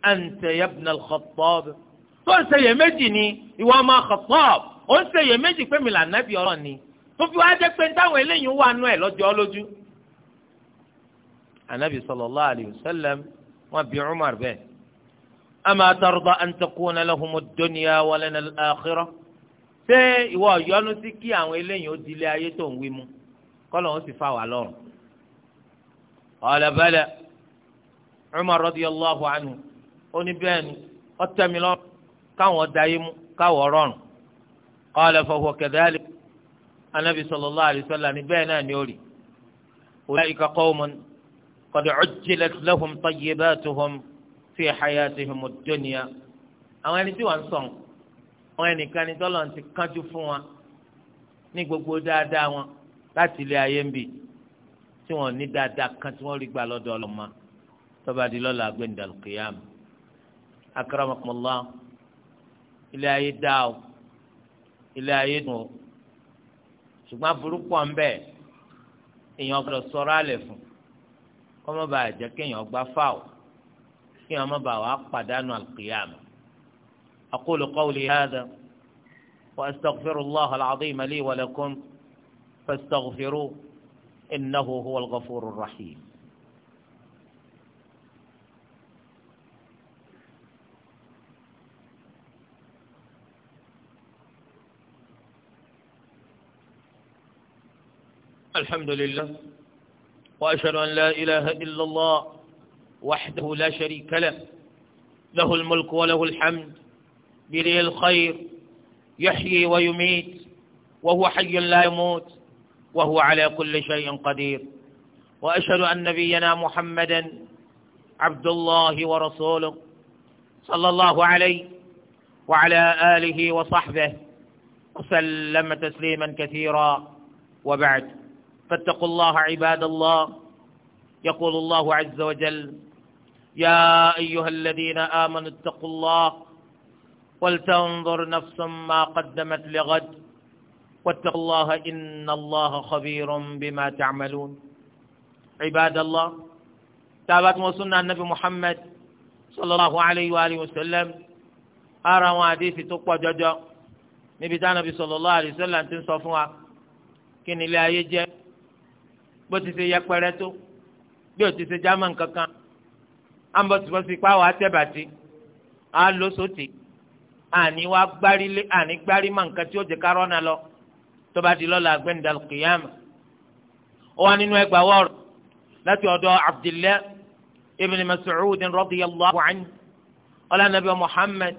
anta ya ibn al-Khattab tó ń ṣe iyèméjì ni ìwọ ọmọ Khattab ó ń ṣe iyèméjì pé mi là nàbì ọ̀rọ̀ ni tó fi wá jẹ́ pé táwọn eléyìí wà nú ẹ̀ lọ́jọ́ lójú. anabi sallallahu alayhi wa sallam wọn bí Umar bẹ́ẹ̀ ama tarda an takuna lahumu dunya wa lana al-akhirah ṣé ìwọ yọ́nú sí kí àwọn eléyìí ó dilé ayé tó ń wí mu kọlọ ó sì fà wà lọ́rùn qala bala Umar radiyallahu anhu ó ní bẹ́ẹ̀ ni ó tẹ́mi lọ́rùn káwọn dayé mu káwọn rọrùn qala fa huwa kadhalik anabi sallallahu alayhi wa sallam ni bẹ́ẹ̀ náà ni ó rí ulaika qawmun qad ujjilat lahum tayyibatuhum fi hayatihim ad-dunya àwọn ẹni tí wọ́n ń sọ̀n wọn ẹnìkan ni tọ́lọ̀ ti kánjú fún wa ní gbogbo dáadáa wọn láti ilé ayé ń bì í tí wọn ní dáadáa kan tí wọn rí gbà lọ́dọ̀ ọlọmọ tọba di lọlá gbẹndàlù kìyàm akaramakumọlá ilé ayé dá o ilé ayé dùn o ṣùgbọ́n aburú pọ̀ ń bẹ èèyàn gbọ́dọ̀ sọ̀rọ̀ alẹ̀ fún kọ́mọ́ bá jẹ́ kéèyàn gbá fáwọ̀ kéèyàn má bàa wà pàdánù alùkìyàm aqulu qawli hadha wa astaghfirullah al-azim li wa lakum إنه هو الغفور الرحيم الحمد لله وأشهد أن لا إله إلا الله وحده لا شريك له له الملك وله الحمد بليه الخير يحيي ويميت وهو حي لا يموت وهو على كل شيء قدير وأشهد أن نبينا محمدا عبد الله ورسوله صلى الله عليه وعلى آله وصحبه وسلم تسليما كثيرا وبعد فاتقوا الله عباد الله يقول الله عز وجل يا أيها الذين آمنوا اتقوا الله ولتنظر نفس ما قدمت لغد واتقوا الله إن الله خبير بما تعملون عباد الله تابت وسنة النبي محمد صلى الله عليه وآله وسلم أرى وحديث تقوى جدا níbi tá nàbì sallallahu alaihi wasallam ti ń sọ fún wa kí ni ilé ayé jẹ bó ti ṣe yẹpẹrẹ tó bí o ti ṣe german kankan à ń bọ tìbọn sí ipá wa tẹbàtì à ń lọ sóòtì àní wa gbárí lé àní gbárí mọ nǹkan tí ó jẹ kárọ́nà lọ tó bá lọ la gbẹ̀ndà kìyàmà ó wà nínú ẹgbàá wọrọ láti ọ̀dọ̀ abdullahi ibn mas'ud radiyallahu anhu ọ̀là nàbí muhammad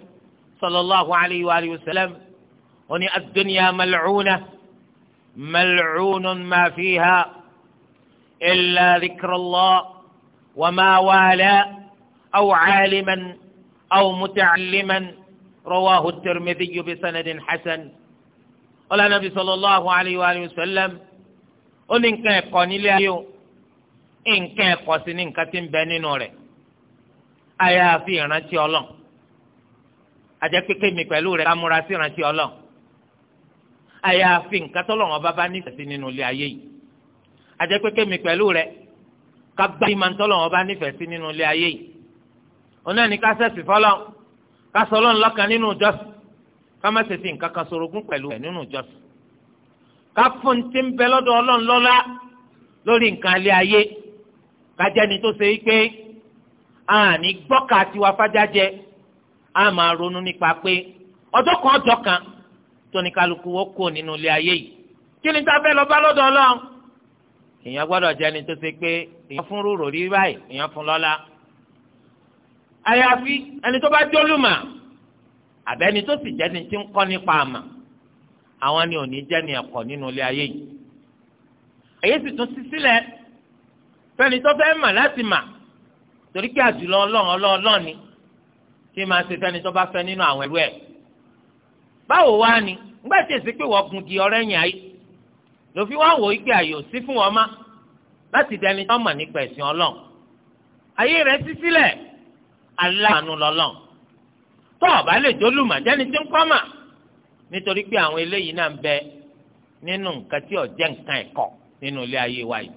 sallallahu alayhi wa alihi wa sallam oní ad-dunya malcuna mal'unun ma fiha ila dhikrullah wa ma wala aw aliman aw muta'alliman rawahu at-tirmidhi bi sanadin hasan. ọlá nàbí sallallahu alayhi wa sallam ó ní nǹkan ẹ̀kọ́ nílé ayé o nǹkan ẹ̀kọ́ sí ní nǹkan tí ń bẹ nínú rẹ̀ àyàfi ìrántí Ọlọ́run àjẹ́ pé mi pẹ̀lú rẹ̀ ká múra sí ìrántí Ọlọ́run àyàfi nǹkan tọ́lọ́run bá bá nífẹ̀ẹ́ sí nínú ilé ayé yìí àjẹ́ pé mi pẹ̀lú rẹ̀ ká gbá bá nífẹ̀ẹ́ sí nínú ilé ayé yìí ọ̀nà ni ká sẹ̀sì fọ́lọ́run ká sọ Ọlọ́run nínú ìjọsìn Kama má ṣe fi nǹkan kan sorogún pẹ̀lú ẹ̀ nínú ìjọsìn ká fún ti ń bẹ lọ́dọ̀ ọlọ́run lọ́lá lórí nǹkan alẹ́ ayé ká jẹ́ni tó ṣe wípé àní gbọ́ka tiwa fájájẹ á máa ronú nípa pé ọjọ́ kan ọjọ́ kan tóní kálukú wọ́n kó nínú ilé ayé yìí kí ni tá a lọ bá lọ́dọ̀ ọlọ́run èèyàn gbọ́dọ̀ jẹ́ni tó ṣe pé èèyàn fún rúrò rí báyìí èèyàn fún lọ́lá àyàfi ẹni tó bá jólùmọ̀ àbẹ́ni tó sì jẹ́ni tí ń kọ́ nípa àmà àwọn ni ò ní jẹ́ni ẹ̀kọ́ nínú ilé ayé yìí èyí sì tún sí sílẹ̀ fẹ́ni tó fẹ́ mà láti mà torí pé àjùlọ ọlọ́run ọlọ́run ni kí máa ṣe fẹ́ni tó bá fẹ́ nínú àwọn ẹrú ẹ̀ báwo wá ni nígbà tí èsì pé wọ́n gun di ọ̀rẹ́ yẹn ayé lòfin wá wò ó gbé àyò sí fún wọn má láti dẹni tó mọ̀ nípa ẹ̀sìn ọlọ́run ayé rẹ̀ sí sílẹ̀ aláàánú lọ́lọ́run tó ọba lè jólùmọ̀ jẹ́ni tí ń kọ́ mà nítorí pé àwọn eléyìí náà ń bẹ nínú nǹkan tí ó nǹkan ẹ̀kọ́ nínú ilé ayé wa yìí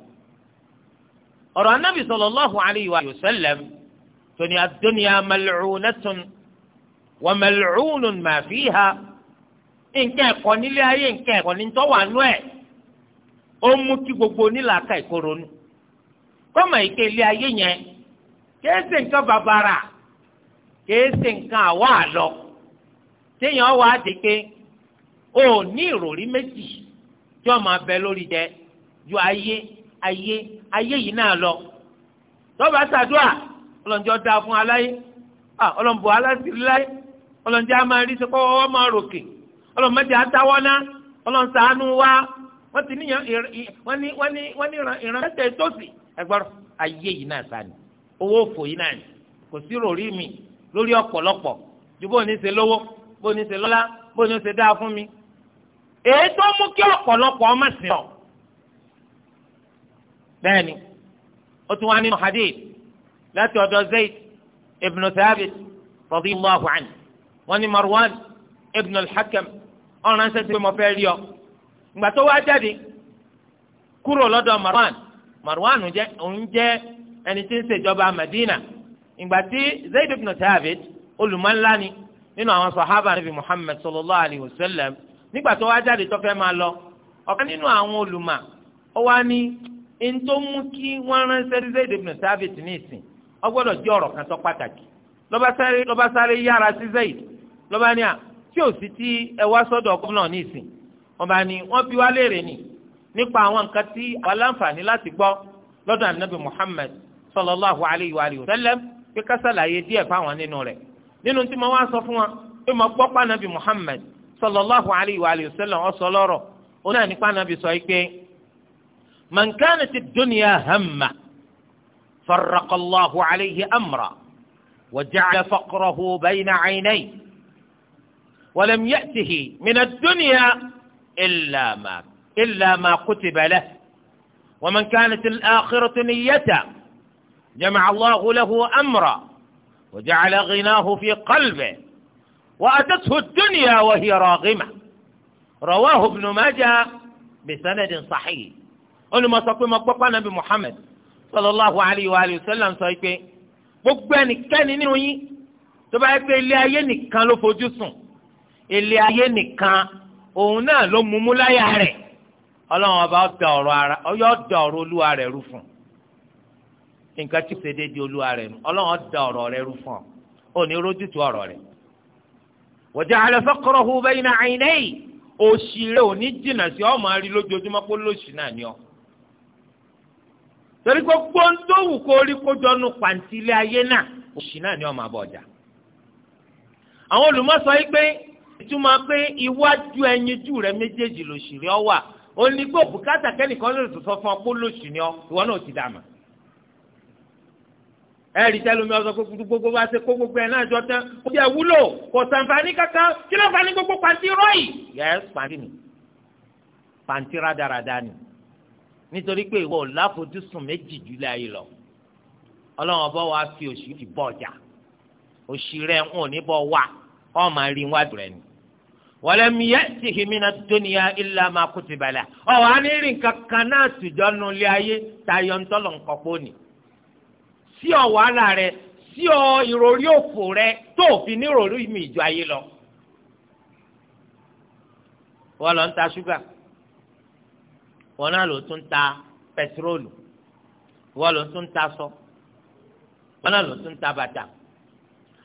ọ̀rọ̀ anábì sallallahu alayhi wa sallam tóní ma fiha nǹkan ẹ̀kọ́ nílé ayé nǹkan ẹ̀kọ́ ní tọ́wọ́ àánú ẹ̀ ó mú kí gbogbo ilé ayé yẹn nǹkan kèé ṣe nǹkan awa àlọ téèyàn wà á di o ní ìròrí méjì tí wọn máa bẹ lórí dẹ ju ayé ayé ayé yìí náà lọ tọ́ba fún aláyé ọlọ́nbọ̀ a máa rí sọ́kọ́ ọwọ́ máa ròkè ọlọ́mọdé atáwọ́ ná ọlọ́nsàánú wá wọ́n ti níyàn wọ́n ní wọ́n ní wọ́n ní ẹgbọ́rọ̀ ayé yìí náà owó òfò yìí náà kò lórí ọ̀pọ̀lọpọ̀ ju bó ní ṣe lówó bó ní ṣe lọ́lá bó ní ṣe dáa fún mi èyí tó mú kí ọ̀pọ̀lọpọ̀ ọmọ sí ọ. bẹ́ẹ̀ni ó tún wá nínú hadith láti ọ̀dọ̀ zayd ibn thabit radiyallahu anhu wọ́n ní marwan ibn al-hakam ọ̀ràn ṣe ti fẹ́ rí ọ. ìgbà tó wá jáde kúrò lọ́dọ̀ marwan marwan jẹ́ òun jẹ́ ẹni tí ń ṣèjọba madina ìgbà tí zayd ibn thabit olùmọ̀nlá ni nínú àwọn sahaba nabi muhammad sallallahu alayhi wa sallam nígbà tó wá jáde tó fẹ́ máa lọ ọ̀kan nínú àwọn olùmọ̀ ó wá ní n tó mú kí wọ́n ránṣẹ́ sí zayd ibn thabit ní ìsìn ó gbọ́dọ̀ jẹ́ ọ̀rọ̀ kan tó pàtàkì ló bá sáré yára sí zayd ló bá ní à tí ò sí tí ẹ wá sọ́dọ̀ gómìnà ní ìsìn wọ́n bá wọ́n bi wá léèrè ni nípa àwọn nǹkan tí àwọn aláǹfààní láti gbọ́ lọ́dọ̀ anabi muhammad sallallahu alayhi wa sallam pé ká ṣàlàyé díẹ̀ fáwọn nínú rẹ̀ nínú tí mo wá sọ fún wa pé mo gbọ́ pànàbí Muhammad sallallahu alayhi wa alihi wa sallam ọ̀sọ̀ lọ́rọ̀ ó náà ní pànàbí sọ pé man kanat ad-dunya hamma farraqa amra wa ja'ala faqrahu bayna 'aynayhi wa lam ya'tihi min ad-dunya illa ma illa ma kutiba lahu جمع الله له أمرا وجعل غناه في قلبه وأتته الدنيا وهي راغمة رواه ابن ماجه بسند صحيح olùmọ̀sọ́pẹ́ mọ̀pọ́pọ́ nàbí Muhammad sallallahu alayhi wa alayhi wa sallam sọ pé gbogbo ẹnikẹ́ni nínú yín tó bá yẹ pé ilé ayé nìkan ló fojú sùn ilé ayé nìkan òun náà ló mumú láyà rẹ̀ ọlọ́run ọba ọ̀dọ̀ ọ̀rọ̀ ara ọyọ́ ọ̀dọ̀ ọ̀rọ̀ olúwa rẹ̀ rú fún un nǹkan tí kò ṣe déédéé olúwa rẹ̀ nù ọlọ́run da ọ̀rọ̀ rẹ̀ rú fún ọ ò ní rójú tu ọ̀rọ̀ rẹ̀. wọ́jà alẹ́ fọ́kọ̀rọ̀ hu bẹ́yìn náà àyìn náà yìí òṣì rẹ̀ ò ní jìnnà sí ọmọ àrí lójoojúmọ́ pé lóṣì náà ni ọ. torí pé gbóńdóhùn kó rí kójọ nu pàǹtí ilé ayé náà òṣì náà ni ọmọ àbọ̀jà. àwọn olùmọ̀sọ yìí pé ìtumọ̀ pé iwájú ẹyinjú rẹ̀ méjèèjì lòṣì rẹ̀ ọ wà ó ní pé bùkátà kẹ́nìkan lè sọ fún ọ pé lóṣì ni ọ ìwọ náà ti dàmà ẹ̀rí tẹ́lómi ọ̀sán kó gbogbo bá ṣe kó gbogbo ẹ̀ náà jọ tán kó jẹ́ wúlò kò sànfàní kankan kí ló fani gbogbo pàǹtí rọ́ọ̀yì. yẹ́s pàǹtí ni pàǹtí rádaràda ni nítorí pé ìwọ láfojúsùn méjì jùlẹ̀ ayé lọ ọlọ́run ọba wa fi òṣì ti bọ̀ ọjà òṣì rẹ̀ ń ò ní bọ̀ wá ọ̀ máa rí wájú rẹ̀ ni. walam ya'tihi mina dunya illa ma kutiba lahu ọ̀ wá ní rìn kankan náà sí ọ wàhálà rẹ sí ọ ìròrí òfò rẹ tó òfin ní ìròrí mi ìjọ ayé lọ. wọ́n lọ ń ta ṣúgà wọ́n náà ló tún ta ló tún sọ wọ́n náà ló tún ta bàtà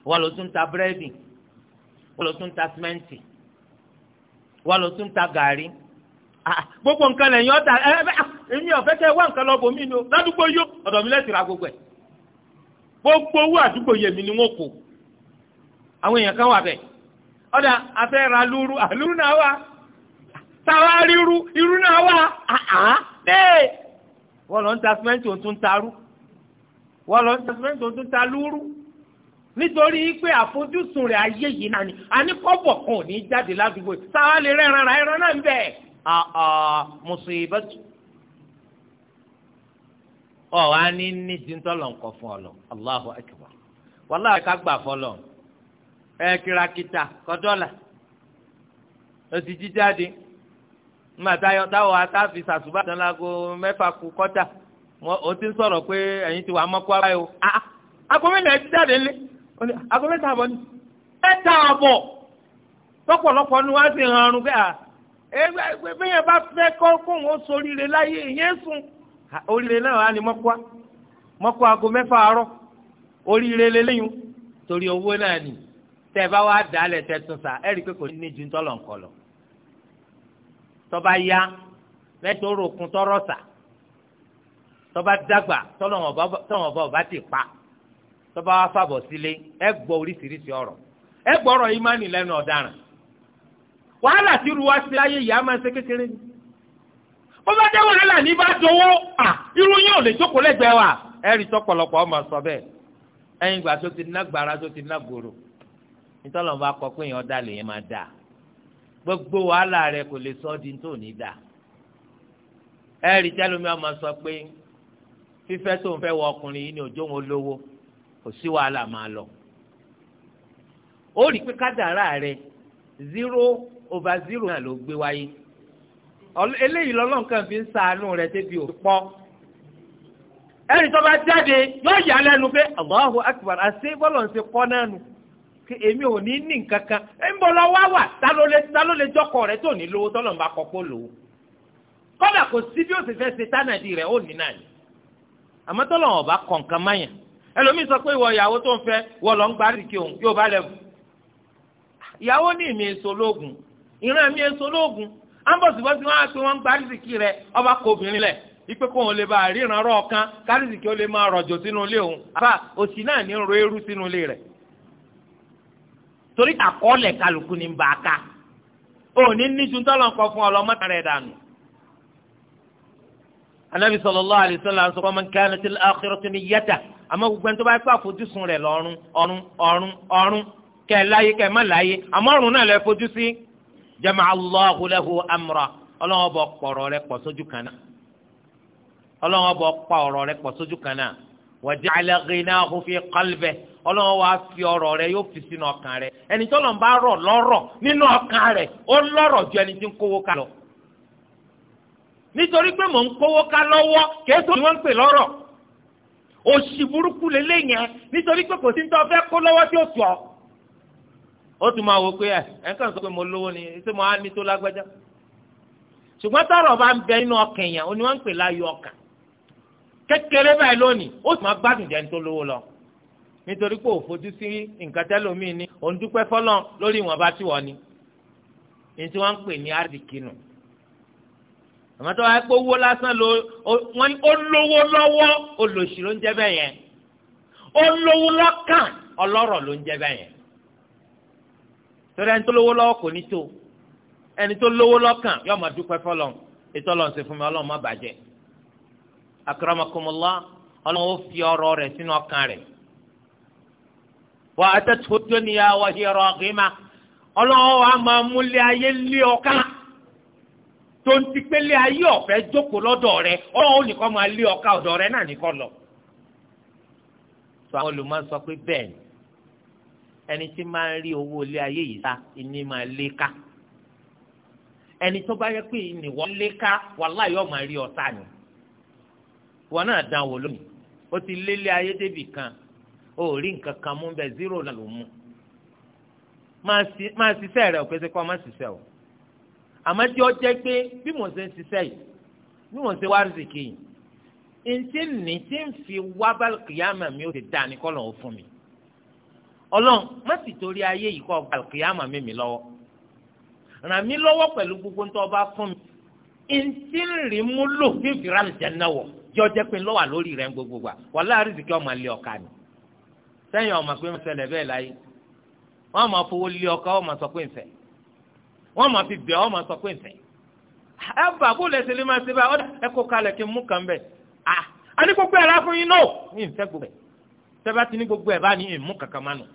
wọ́n ló tún ta búrẹ́dì wọ́n ló tún ta ló tún ta ah, gbogbo nǹkan lẹ́yìn gbogbo owó àdúgbò yẹmi ni wọ́n kó àwọn èèyàn kan wà bẹ́ẹ̀ ọ̀dà afẹ́ ra lúrú àlúrú náà wà táwa ríru irú náà wà àhà bẹ́ẹ̀ wọ́n lọ ń ta sìmẹ́ǹtì òun tún ta rú wọ́n lọ ń ta sìmẹ́ǹtì òun tún ta lúrú nítorí pé àfojúsùn rẹ̀ ayé yìí náà ni àníkọ́bọ̀ kan ò ní jáde ládùúgbò táwa lè rẹ́ran ra ẹran náà ń bẹ̀ àà mùsùlùmí bẹ́tù ọ wá ní ní ti ń tọ́lọ̀ nǹkan fún ọ lọ ká gbà fọlọ ẹ kìràkìtà kọdọ́là òsì jíjáde nígbà táyọ̀ táwọn atáfi sàṣùbà tán mẹ́fà o ti sọ̀rọ̀ pé ẹ̀yin ti wà á mọ́kú ara yìí ẹ̀ jíjáde ńlẹ̀ agomẹ́ta àbọ̀ ni àbọ̀ ni hàn ẹ bá oríire náà wà ní mọ́kúá mọ́kúá aago mẹ́fà àárọ̀ oríire lélẹ́yìn torí owó náà nì tẹ́ ẹ bá wá dà á lẹ̀ tẹ́ tún sà ẹ́ pé kò ní ju tọ́lọ̀ nǹkan lọ tọ́ba ya lẹ́tọ́ ròkun tọ́rọ̀ sà tọ́ba dàgbà tọ́wọ̀n bá ọba ti pa tọ́ba wá fàbọ̀ sílé ẹ gbọ́ oríṣiríṣi ọ̀rọ̀ ẹ gbọ́ ọ̀rọ̀ ìmánì lẹ́nu ọ̀daràn wàhálà tí ruwa sí láyé ìyá máa ń ṣe kékeré ni bó bá dé wàhálà ní bá dowó à irú yóò lè jókòó lẹ́gbẹ̀ẹ́ wa ẹ̀rí tọpọlọpọ ọmọ sọ bẹ́ẹ̀ ẹ̀yin gbà tó ti ná gbàrà tó ti ná gòrò nítorí wọn bá kọ pé èèyàn dá lèèyàn máa dà gbogbo wàhálà rẹ kò lè sọ di tó ní dà ẹ̀rí tẹ́lómi ọmọ sọ pé fífẹ́ tó ń fẹ́ wọ ọkùnrin yìí ni òjò wọn lówó kò sí wàhálà máa lọ ó rí pé kádàrá rẹ zero over zero náà ló gbé wáyé eléyìí lọ́lọ́run kan fi ń ṣàánú rẹ̀ débi òfin pọ́ ẹni tó bá jáde yóò yà lẹ́nu pé Allahu Akbar àti bọ́lọ̀ ń ṣe pọ́ náà nù kí èmi ò ní ní nǹkan kan ẹ̀ ń bọ̀ lọ wá wà ta ló lè ta jọkọ rẹ̀ tó ní lówó tọ́lọ̀ ń bá kọ́ lòó kọ́dà kò sí bí ó fẹ́ ṣe tánàdì rẹ̀ ó ní náà ni àmọ́ tọ́lọ̀ ọ̀bá kọ̀ǹkan sọ pé ìwọ ìyàwó tó ń fẹ́ wọ lọ ń òun yóò bá ìyàwó ní èso lóògùn ìran èso lóògùn ambọ̀sibọ́sí wọn á pé wọ́n ń gba rìsìkì rẹ̀ ọba kọ obìnrin lẹ̀ ipe kò ń lè bá ríran rọ ọ̀kan kárìsìkì ó lè máa rọ̀jò sínú ilé òun àbá òsì náà ní ro eru sínú ilé rẹ̀ torí àkọọ́lẹ̀ kálukú ní bá a ká òní níjú tọ́lọ̀ kọ fún ọlọ́mọta rẹ̀ dànù. anabi sallallahu alaihi wasallam sọ man kanat al-akhiratu niyyata àmọ́ gbogbo ẹni tó bá pẹ́ àfojúsùn rẹ̀ lọ́rùn ọ̀run ọ̀run ọ̀run kẹ́ láyé kẹ́ má láyé àmọ́ ọ̀run náà lè fojú sí jama allahu lahu amra ọlọ́wọ́n bọ̀ kpọ̀rọ̀ rẹ pọ̀ sójú kan náà ọlọ́wọ́n bọ̀ kpọ̀rọ̀ rẹ pọ̀ sójú kan náà wàjàlẹ ghinahu fi qalbi ọlọ́wọ́n wa fi ọ̀rọ̀ rẹ yóò fi sínú ọkàn rẹ ẹni tó lọ́n bá rọ̀ lọ́rọ̀ nínú ọkàn rẹ ó lọ́rọ̀ ju ẹni tí ń kówó ká lọ. nítorí pé mò ń kówó ká lọ́wọ́ kéésù ni wọ́n ń pè lọ́rọ̀ òṣì burúkú lélẹ́yìn nítorí pé kò sí ní tó fẹ́ kó lọ́wọ́ tí ó tù ó tún máa wò pé ẹ ẹ kàn sọ pé mo lówó ni ṣé mo á ní tó lágbájá ṣùgbọ́n tọrọ bá ń bẹ nínú ọkàn èèyàn òní wọ́n ń pè láyọ ọkàn kékeré báyìí lónìí ó sì máa gbádùn jẹun tó lówó lọ nítorí pé òfojú sí nǹkan tẹ́lómi ni òun dúpẹ́ fọlọ́ lórí ìwọ̀nba tí wọ́n ni ní tí wọ́n ń pè ní àdìkínú àmọ́ tó wáyé pé owó lásán ló wọ́n ó lówó lọ́wọ́ olòṣì ló ń jẹ́ bẹ́ẹ̀ yẹn ó lówó lọ́kàn ọlọ́rọ̀ ló ń jẹ́ bẹ́ẹ̀ yẹn torí ẹni tó lówó lọ́wọ́ kò ní tó ẹni tó lówó lọ́kàn yóò máa dúpẹ́ fọlọ́n ètò ọlọ́run ṣe fún mi ọlọ́run má bàjẹ́ akramakumullah ọlọ́run ó fi ọrọ̀ rẹ̀ sínú ọkàn rẹ̀ wà á tẹ́tù tó níyà wà ọrọ̀ ọ̀gímà ọlọ́run wa máa múlé ayé lé ọ̀ká tó ń ti pélé ayé ọ̀fẹ́ jókòó lọ́dọ̀ rẹ̀ ọlọ́run nìkan máa lé ọ̀ká ọ̀dọ̀ rẹ̀ náà nìkan lọ. sọ àwọn olùmọ̀ sọ pé bẹ́ẹ̀ ni ẹni tí máa ń rí owó ilé ayé yìí sá ìní máa lé ká ẹni tó bá yẹ pé ìnìwọ́ lé ká wàláhì yóò máa rí ọ̀tá ni wọn náà dán wò lónìí ó ti lélé ayé débì kan ó rí nǹkan kan mú bẹ́ẹ̀ zero náà ló mú máa ṣiṣẹ́ rẹ̀ ò pèsè kọ́ máa ṣiṣẹ́ o àmọ́ tí ó jẹ́ pé bí mò ń ṣe ń ṣiṣẹ́ yìí bí mò ń ṣe wá rìsìkì yìí ntí nì tí ń fi wá bá kìyàmà mi ó ti dá ní kọ́ lọ́wọ́ fún mi ọlọ́run má sì torí ayé yìí kọ́ àlùkìyàmà mi mi lọ́wọ́ ràn mí lọ́wọ́ pẹ̀lú gbogbo ń tọ́ bá fún mi ntí ń rí mú lò ní fìràn jẹ́nà wọ̀ jẹ́ ọjẹ́ pé lọ́wọ́ lórí rẹ̀ ń gbogbo wa wà láàrin ìsìnkí ọmọ ilé ọ̀ka ni sẹ́yìn ọmọ pé ń ṣẹlẹ̀ bẹ́ẹ̀ láyé wọ́n máa fowó lé ọkọ wọ́n máa sọ pé ń fẹ́ wọ́n máa fi bẹ̀ wọ́n máa sọ pé ń fẹ́ ẹ bà bó lẹsẹ lè máa ṣe bá ẹ kó kalẹ̀ kí n mú kàn bẹ à á ní gbogbo ẹ̀ rà yín náà ní ìfẹ́ gbogbo ẹ̀ tẹ́ bá ti ní gbogbo ẹ̀ bá ní ìmú kankan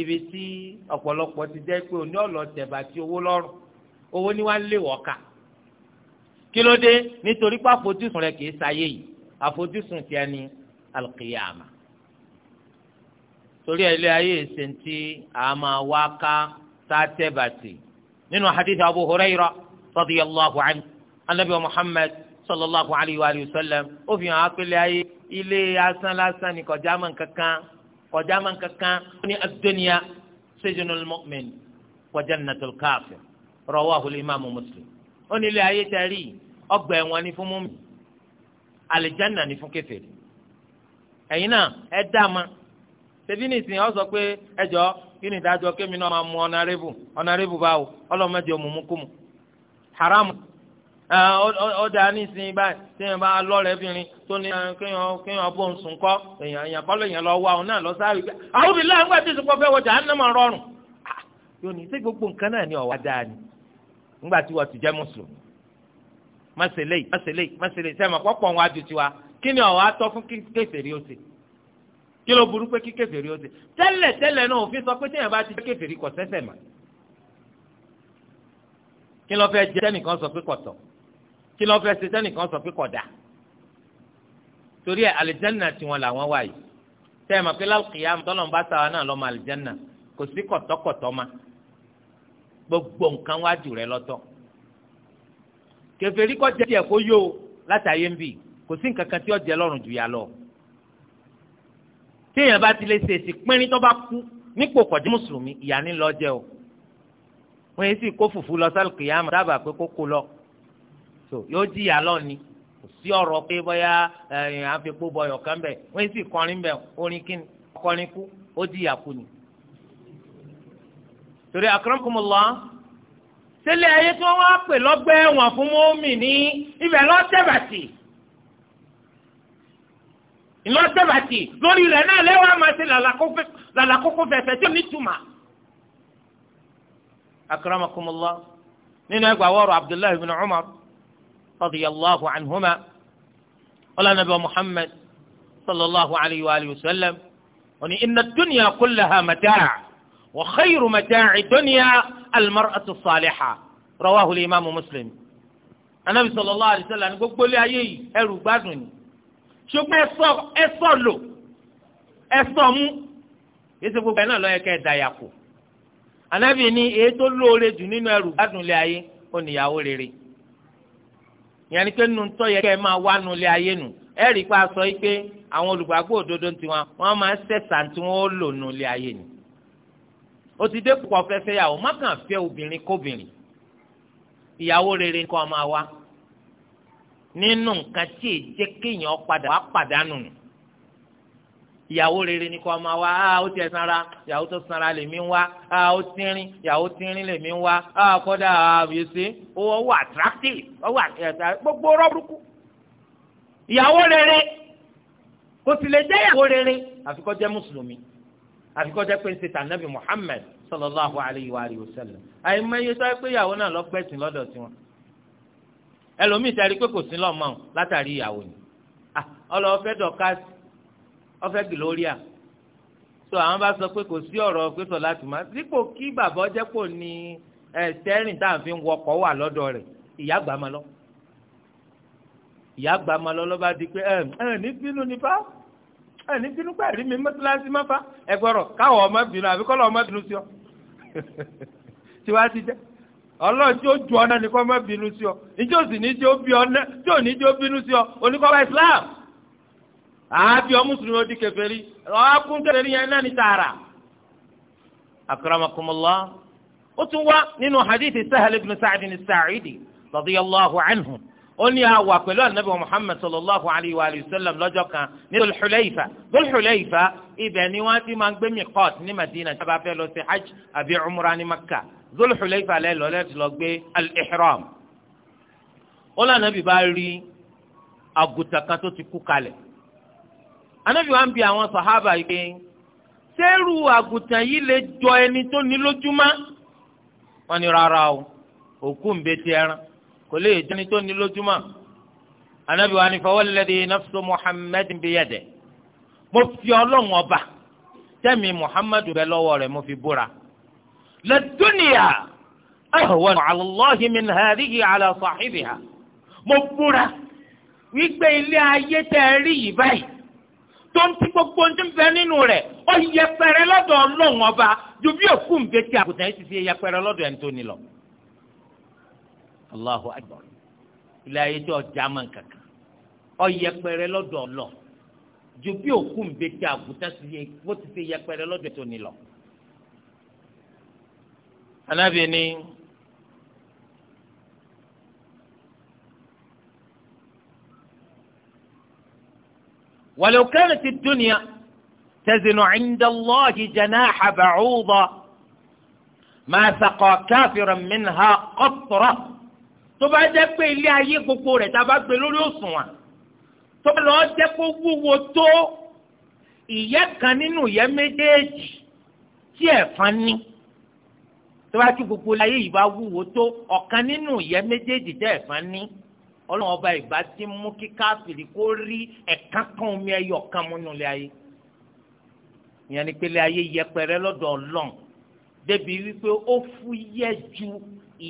ibi tí ọ̀pọ̀lọpọ̀ ti jẹ́ pé òní ọ̀lọ́tẹ̀ bá ti owó lọ́rùn owó ni wàá lé wọ́ọ̀ka kí ló dé nítorí pé àfojúsùn rẹ kìí sáyé yìí àfojúsùn tiẹ̀ ni alqiyama torí ilé ayé ìsèǹtì àmà wáká sáté bàtì nínú hadith abu huraira radiyallahu anhu anabi muhammad sallallahu alayhi wa sallam ó fi hàn ápèlé ayé ilé asán lásán ni kọjá mọ́ nǹkan kọjá máa ń kankan ní ad-dunya sijnul mu'min wa jannatul kafir rawahu al-imamu muslim ó nílé ayé tẹ̀rí ọgbà ẹ̀wọ̀n ni fún mùmí àlìjánà ni fún kèfèrí ẹ̀yin náà ẹ dá a ma ṣebí ní ìsìn pé ẹ jọ kí kémi náà máa mu ọ̀nàrẹ́bù ọ̀nàrẹ́bù báwo ọlọ́mọdé ọmọ mú kú ọdà nísìnyí báyìí téèyàn bá lọ́rẹ̀ẹ́bìnrin tó ní kéèyàn kéèyàn bó ń sùn kọ́ èèyàn èèyàn kọ́ lóyìn lọ wá òun náà lọ sáré pé àwọn òbí láàrín gbà tí ìsìnkú ọ̀fẹ́ wọjà á ná máa rọrùn. yóò ní sí gbogbo nǹkan náà ní ọ̀wá dáa ni nígbà tí wọ́n ti jẹ́ mùsùlùmí. mọ́sẹ̀lẹ̀ mọ́sẹ̀lẹ̀ mọ́sẹ̀lẹ̀ sẹ́mi pọ́pọ̀ wọn adùn tiwa kí ni ọ̀wá tọ́ fún kèfèrí ó ṣe kí ló burú pé kí kèfèrí ó ṣe tẹ́lẹ̀ tẹ́lẹ̀ náà òfin sọ pé téèyàn bá ti jẹ́ kèfèrí kò sẹ́ṣẹ̀ mà kí ló fẹ́ jẹ́ tẹ́nìkan sọ pé kò tọ́ kí ló fẹ́ ṣe tẹ́nìkan sọ pé kódà torí ẹ̀ àlìjẹ́nà tiwọn làwọn wà yìí tẹ́ ẹ mọ̀ pé lálùkìyà tọ́lọ́n bá sáwa náà lọ́mọ àlìjẹ́nà kò sí kọ̀tọ́kọ̀tọ́ ma gbogbo nǹkan wájú rẹ lọ́tọ̀ kèfèrí kọ́ jẹ tiẹ̀ kó yó látàyé ń bì kò sí nǹkan kan tí ó jẹ lọ́rùn jù yà lọ tí èèyàn bá ti lè ṣe èsì pínrín tó bá kú nípò kọ̀dí mùsùlùmí ìyá ní lọ́ọ́ o wọ́n yẹn sì kó fùfú lọ sálùkìyà mọ̀ dábàá pé kó kó lọ́ọ́ so yóò jìyà lọ́ọ̀ni kò sí ọ̀rọ̀ pé bóyá ẹ̀yìn àfikún bọyọ̀ kan bẹ̀ wọ́n sì kọrin bẹ̀ orin kíni ọkọrin kú ó jìyà kú ni. torí akramakumullah sílẹ̀ ayé tí wọ́n wá pè lọ́gbẹ́ ẹ̀wọ̀n fún mọ́mì ní ibẹ̀ lọ́tẹ̀bàtì ìlọ́tẹ̀bàtì lórí rẹ̀ náà lẹ́wọ̀n àmọ́ sí làlàkókò fẹ̀fẹ̀ tí ò ní tùmà. akramakumullah nínú ẹgbàá wọ́ọ̀rọ̀ Abdullahi bin Umar radiyallahu anhuma wala nabi muhammad sallallahu alayhi wa alihi wa sallam wani inna dunya kullaha mataa wa khayru mataa dunya almar'atu salihah rawahu imaamu muslim anabi sallallahu alayhi wa sallam ni gbogbo ilé ayé yìí ẹrù gbádùn ni ṣùgbọ́n ẹsọ lò ẹsọ mú yéésì gbogbo ẹ náà lọ yẹ kẹ ẹ dàyàkó anabi ni èyí tó lóore jù nínú ẹrù gbádùn ilé ayé ó níyàwó rere yẹn ni pé nínú tó yẹ kẹ́ ẹ máa wá nulẹ̀ ayé nu ẹ rí i pé a sọ yìí pé àwọn olùgbàgbọ́ òdodo tiwọn wọ́n máa ń sẹ̀sà tí wọ́n lò nulẹ̀ ayé ni o ti dé pọ̀ fẹ́fẹ́ yà ó má kàn fẹ́ obìnrin kóbìnrin ìyàwó rere kọ́ máa wá nínú nǹkan tí èjẹ́ kéèyàn padà wá pàdánù nù ìyàwó rere ni kò máa wá a ah, ó tiẹ̀ sanra ìyàwó tó sanra lèmi ń wá a ah, ó tínrín ìyàwó tínrín lèmi ń wá ah, kọ́dà àbíyèsí ó wà attractive ó wà ẹ̀ta gbogbo rọ́bùrùkù. ìyàwó rere kò sì lè jẹ́ ìyàwó rere àfi jẹ́ mùsùlùmí àfi jẹ́ pé ń ṣe tànàbì Muhammad sallallahu alayhi wa alihi wa sallam. àìmọye sọ pé ìyàwó náà lọ gbẹ̀sìn lọ́dọ̀ tiwọn ẹlòmíì tẹ́lẹ̀ pé kò sí lọ́mọ látàrí ìyàwó ni ọlọ́ọ̀fẹ́ dọ̀kásì ọfẹ́ gloria so àwọn bá sọ pé kò sí ọ̀rọ̀ pé sọ láti má dípò kí bàbá ọjẹpọ ní ẹ sẹrìn tá à ń fi wọkọ̀ wà lọ́dọ̀ rẹ̀ ìyá gbà má lọ ìyá gbà má lọ lọba di pé ẹ ẹ ní bínú ní bá ẹ ní bínú pé ẹrí mi mọ́tíláṣí má fa ẹ gbọ́dọ̀ káwọ̀ ọmọ bínú àbí kọ́lọ̀ ọmọ bínú sí ọ (laughs) tiwa ti jẹ́ ọlọ́run tí ó ju ọ̀nà nìkan má bínú sí ọ ìjọ́sìn ní tí ó bí ọ̀nà tí ò ní tí ó bínú sí ọ oníkọ́wá Islam àbí ọ mùsùlùmí odi kèfèrí ọkùn kèfèrí yẹn náà ní tààrà. akramakumullah ó tún wá nínú hadithi sahal ibn sa'd ibn sa'idi radiyallahu anhu ó ní àwà pẹ̀lú anabi muhammad sallallahu alayhi wa sallam lọ́jọ́ kan ní dulxuleifa dulxuleifa ibẹ̀ ni wọ́n ti máa ń gbé miqat ní madina tí a bá fẹ́ lọ sí hajj àbí umra ní makka dulxuleifa lẹ́ lọ́lẹ́ ti lọ gbé al-ihram ó lànà bí bá rí ti kú kalẹ̀ anábì wa ń bi àwọn sàhábà yìí pé sẹ́rù àgùntàn yìí lè jọ ẹni tó ní lójúmọ́ wọ́n ní rárá o òkú ń betí ẹran kò lè jẹ́ ẹni tó ní lójúmọ́ anábì wa ní fawalladhi nafsu muhammed biyadẹ mo fi ọlọ́run ọba tẹ́mi muhammed bẹ lọ́wọ́ rẹ̀ mo fi búra lẹ́dúnìyà ahwan ala Allahi min hadhihi ala sahibiha mo búra wípé ilé ayé tẹ́ rí yìí báyìí tó ń tí gbogbo ń tí ń bẹ nínú rẹ̀ ó yẹpẹrẹ lọ́dọ̀ ọlọ́run ọba ju bí òkú nbẹ́tì àkùtàn yìí ti fi yẹpẹrẹ lọ́dọ̀ ẹni tó ní lọ. Allahu akbar ilé ayé tí ọjà máa ń kankan ó yẹpẹrẹ lọ́dọ̀ ọlọ́ ju bí òkú nbẹ́tì àkùtàn bó ti fi yẹpẹrẹ lọ́dọ̀ ẹni tó ní lọ. anábìíní. ولو كانت الدنيا تزن عند الله جناح بعوضة ما سقى كافرا منها قطرة تبقى جاك اللي هيك كورة تبقى بلولي أصوان tọ́ba lọ jẹ́ kó wúwo tó ìyá kan nínú ìyá méjèèjì tí ẹ̀fọn ní tọ́ba tí gbogbo láyé yìí bá wúwo tó ọ̀kan nínú ìyá méjèèjì tí ẹ̀fọn ní ọlọ́run ọba ìbá ti mú kí káfìrí kó rí ẹ̀ka kan omi ẹyọ kan múnú ilé ayé ìyẹn ni pé ilé ayé yẹpẹrẹ lọ́dọ̀ ọlọ́run débi wípé ó fúyẹ́ ju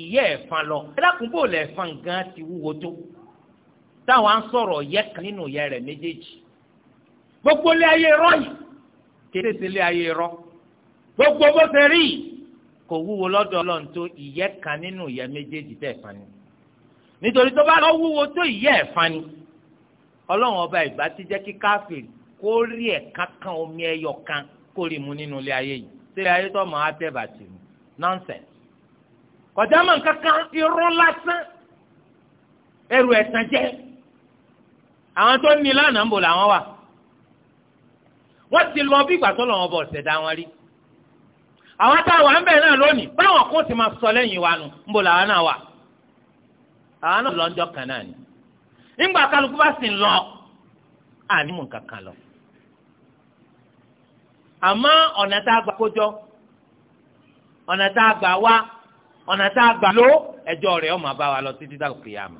ìyẹ́ ẹ̀fọn lọ ẹ̀dákun bò lẹ̀ ẹ̀fọn gan ti wúwo tó táwọn á ń sọ̀rọ̀ yẹ kan nínú ìyá rẹ̀ méjèèjì gbogbo ilé ayé rọ yìí kéde sí ilé ayé rọ gbogbo bó ṣe rí kò wúwo lọ́dọ̀ ọlọ́run tó ìyẹ́ nínú ìyá méjèèjì tẹ̀ fani nítorí tó bá lọ wúwo tó ìyá ẹ̀ fani ọlọ́run ọba ìgbà ti jẹ́ kí káfíìrì kó rí ẹ̀ kankan omi ẹyọ kan kó rí mu nínú ilé ayé yìí sílẹ̀ ayé tó mọ̀ á bàtì mu nonsense kọjá mọ̀ kankan irọ́ lásán ẹrù ẹ̀sán jẹ́ àwọn tó ní lánàá ń bò làwọn wà wọ́n ti lọ bí ìgbà tó lọ́wọ́ bọ̀ ṣẹ̀dá wọn rí àwọn táwọn ń bẹ̀ náà lónìí báwọn kò sì máa sọ lẹ́yìn wa nù ń bò làwọn náà wà àwọn náà lọ́njọ́ kan náà ni nígbà kálukú bá sì ń lọ àní mú nǹkan kan lọ. àmọ́ ọ̀nà tá a gbà kójọ ọ̀nà tá a gbà wá ọ̀nà tá a gbà ló ẹjọ́ rẹ̀ ọmọ bá wa lọ títí dàlù kìyàmù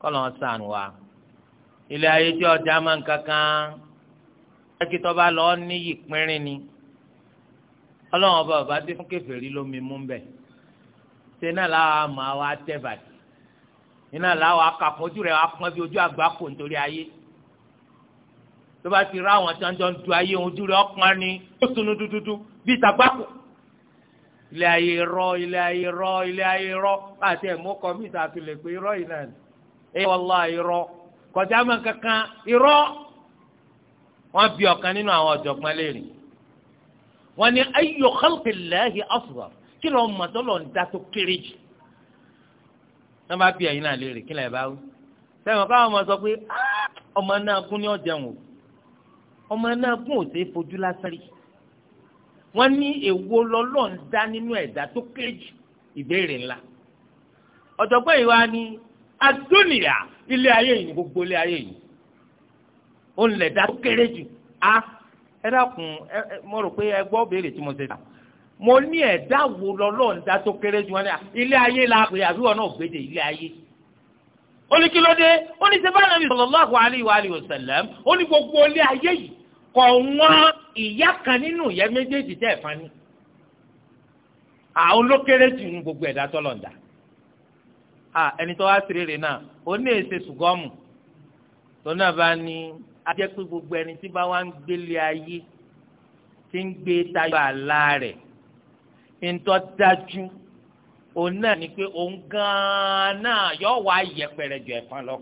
kọ́lọ̀ ń sànù wa ilé ayé tí ọjà máa ń kankan ẹkìtọ́ bá lọ ní ìpínrin ni ọlọ́run ọba ọba dé fún kèfèrí lómi mú bẹ́ẹ̀ ṣe náà làwọn máa wá tẹ́ iná làwọn akàkọ́jú rẹ̀ apọ́n bí ojú àgbà kò nítorí ayé tó bá ti rá àwọn tí wọ́n jọ ń du ayé ojú rẹ̀ ọ̀pọ̀n ni ó sunu dúdúdú bíi tàgbákò ilé ayé rọ ilé ayé rọ ilé ayé rọ àti ẹ̀mú kọ mí ta fi lè yìí náà ni ẹ wọlá irọ́ kọjá mọ́ kankan irọ́ wọ́n bi ọ̀kan nínú àwọn ọ̀jọ̀gbọ́n léèrè wọ́n ní ayyu khalqillahi asghar kí lọ́ọ́ mọ̀tọ́lọ́ ń dá tó kéré jù náà bá bí ẹ̀yin náà léèrè kí lè bá wí sẹ́wọ̀n káwọn ọmọ sọ pé ah, ọmọ náà kún ní ọ̀jẹun o ọmọ náà kún òsè fojú lásán rí wọ́n ní èwo lọ́lọ́run dá nínú ẹ̀dá tó kéré ìbéèrè ńlá ọ̀jọ̀gbọ́n yìí wá ní adúnìyà ilé ayé yìí gbogbo ilé ayé yìí ó ń lẹ̀dá tó kéré jù á ah, ẹ dákun ẹ mo pé ẹ gbọ́ béèrè tí mo ṣe dà mo ní ẹ̀dá wo lọ́lọ́run dá tó kéré jù wọn ní ilé ayé la pè àbí wọn náà gbé de ilé ayé ó ní kí ló dé ó ní sẹ́fà nàbì wa alihi wa sallam ó ní gbogbo ilé ayé yìí kọ̀ wọ́n ìyá kan nínú ìyá méjèèjì tẹ́ ẹ̀ fán ní àwọn ló kéré jù ní gbogbo ẹ̀dá tọ́lọ̀ ń dà ẹni tó wá sí rere náà ó ní èsè sùgọ́mù tó náà bá ní ajẹ́ pé gbogbo ẹni tí bá wá ń gbélé ayé tí ń gbé tayọ ntọ́ dájú òun náà ni pé òun gan-an náà yọ wá yẹpẹrẹ jọ ẹ̀fọn lọ.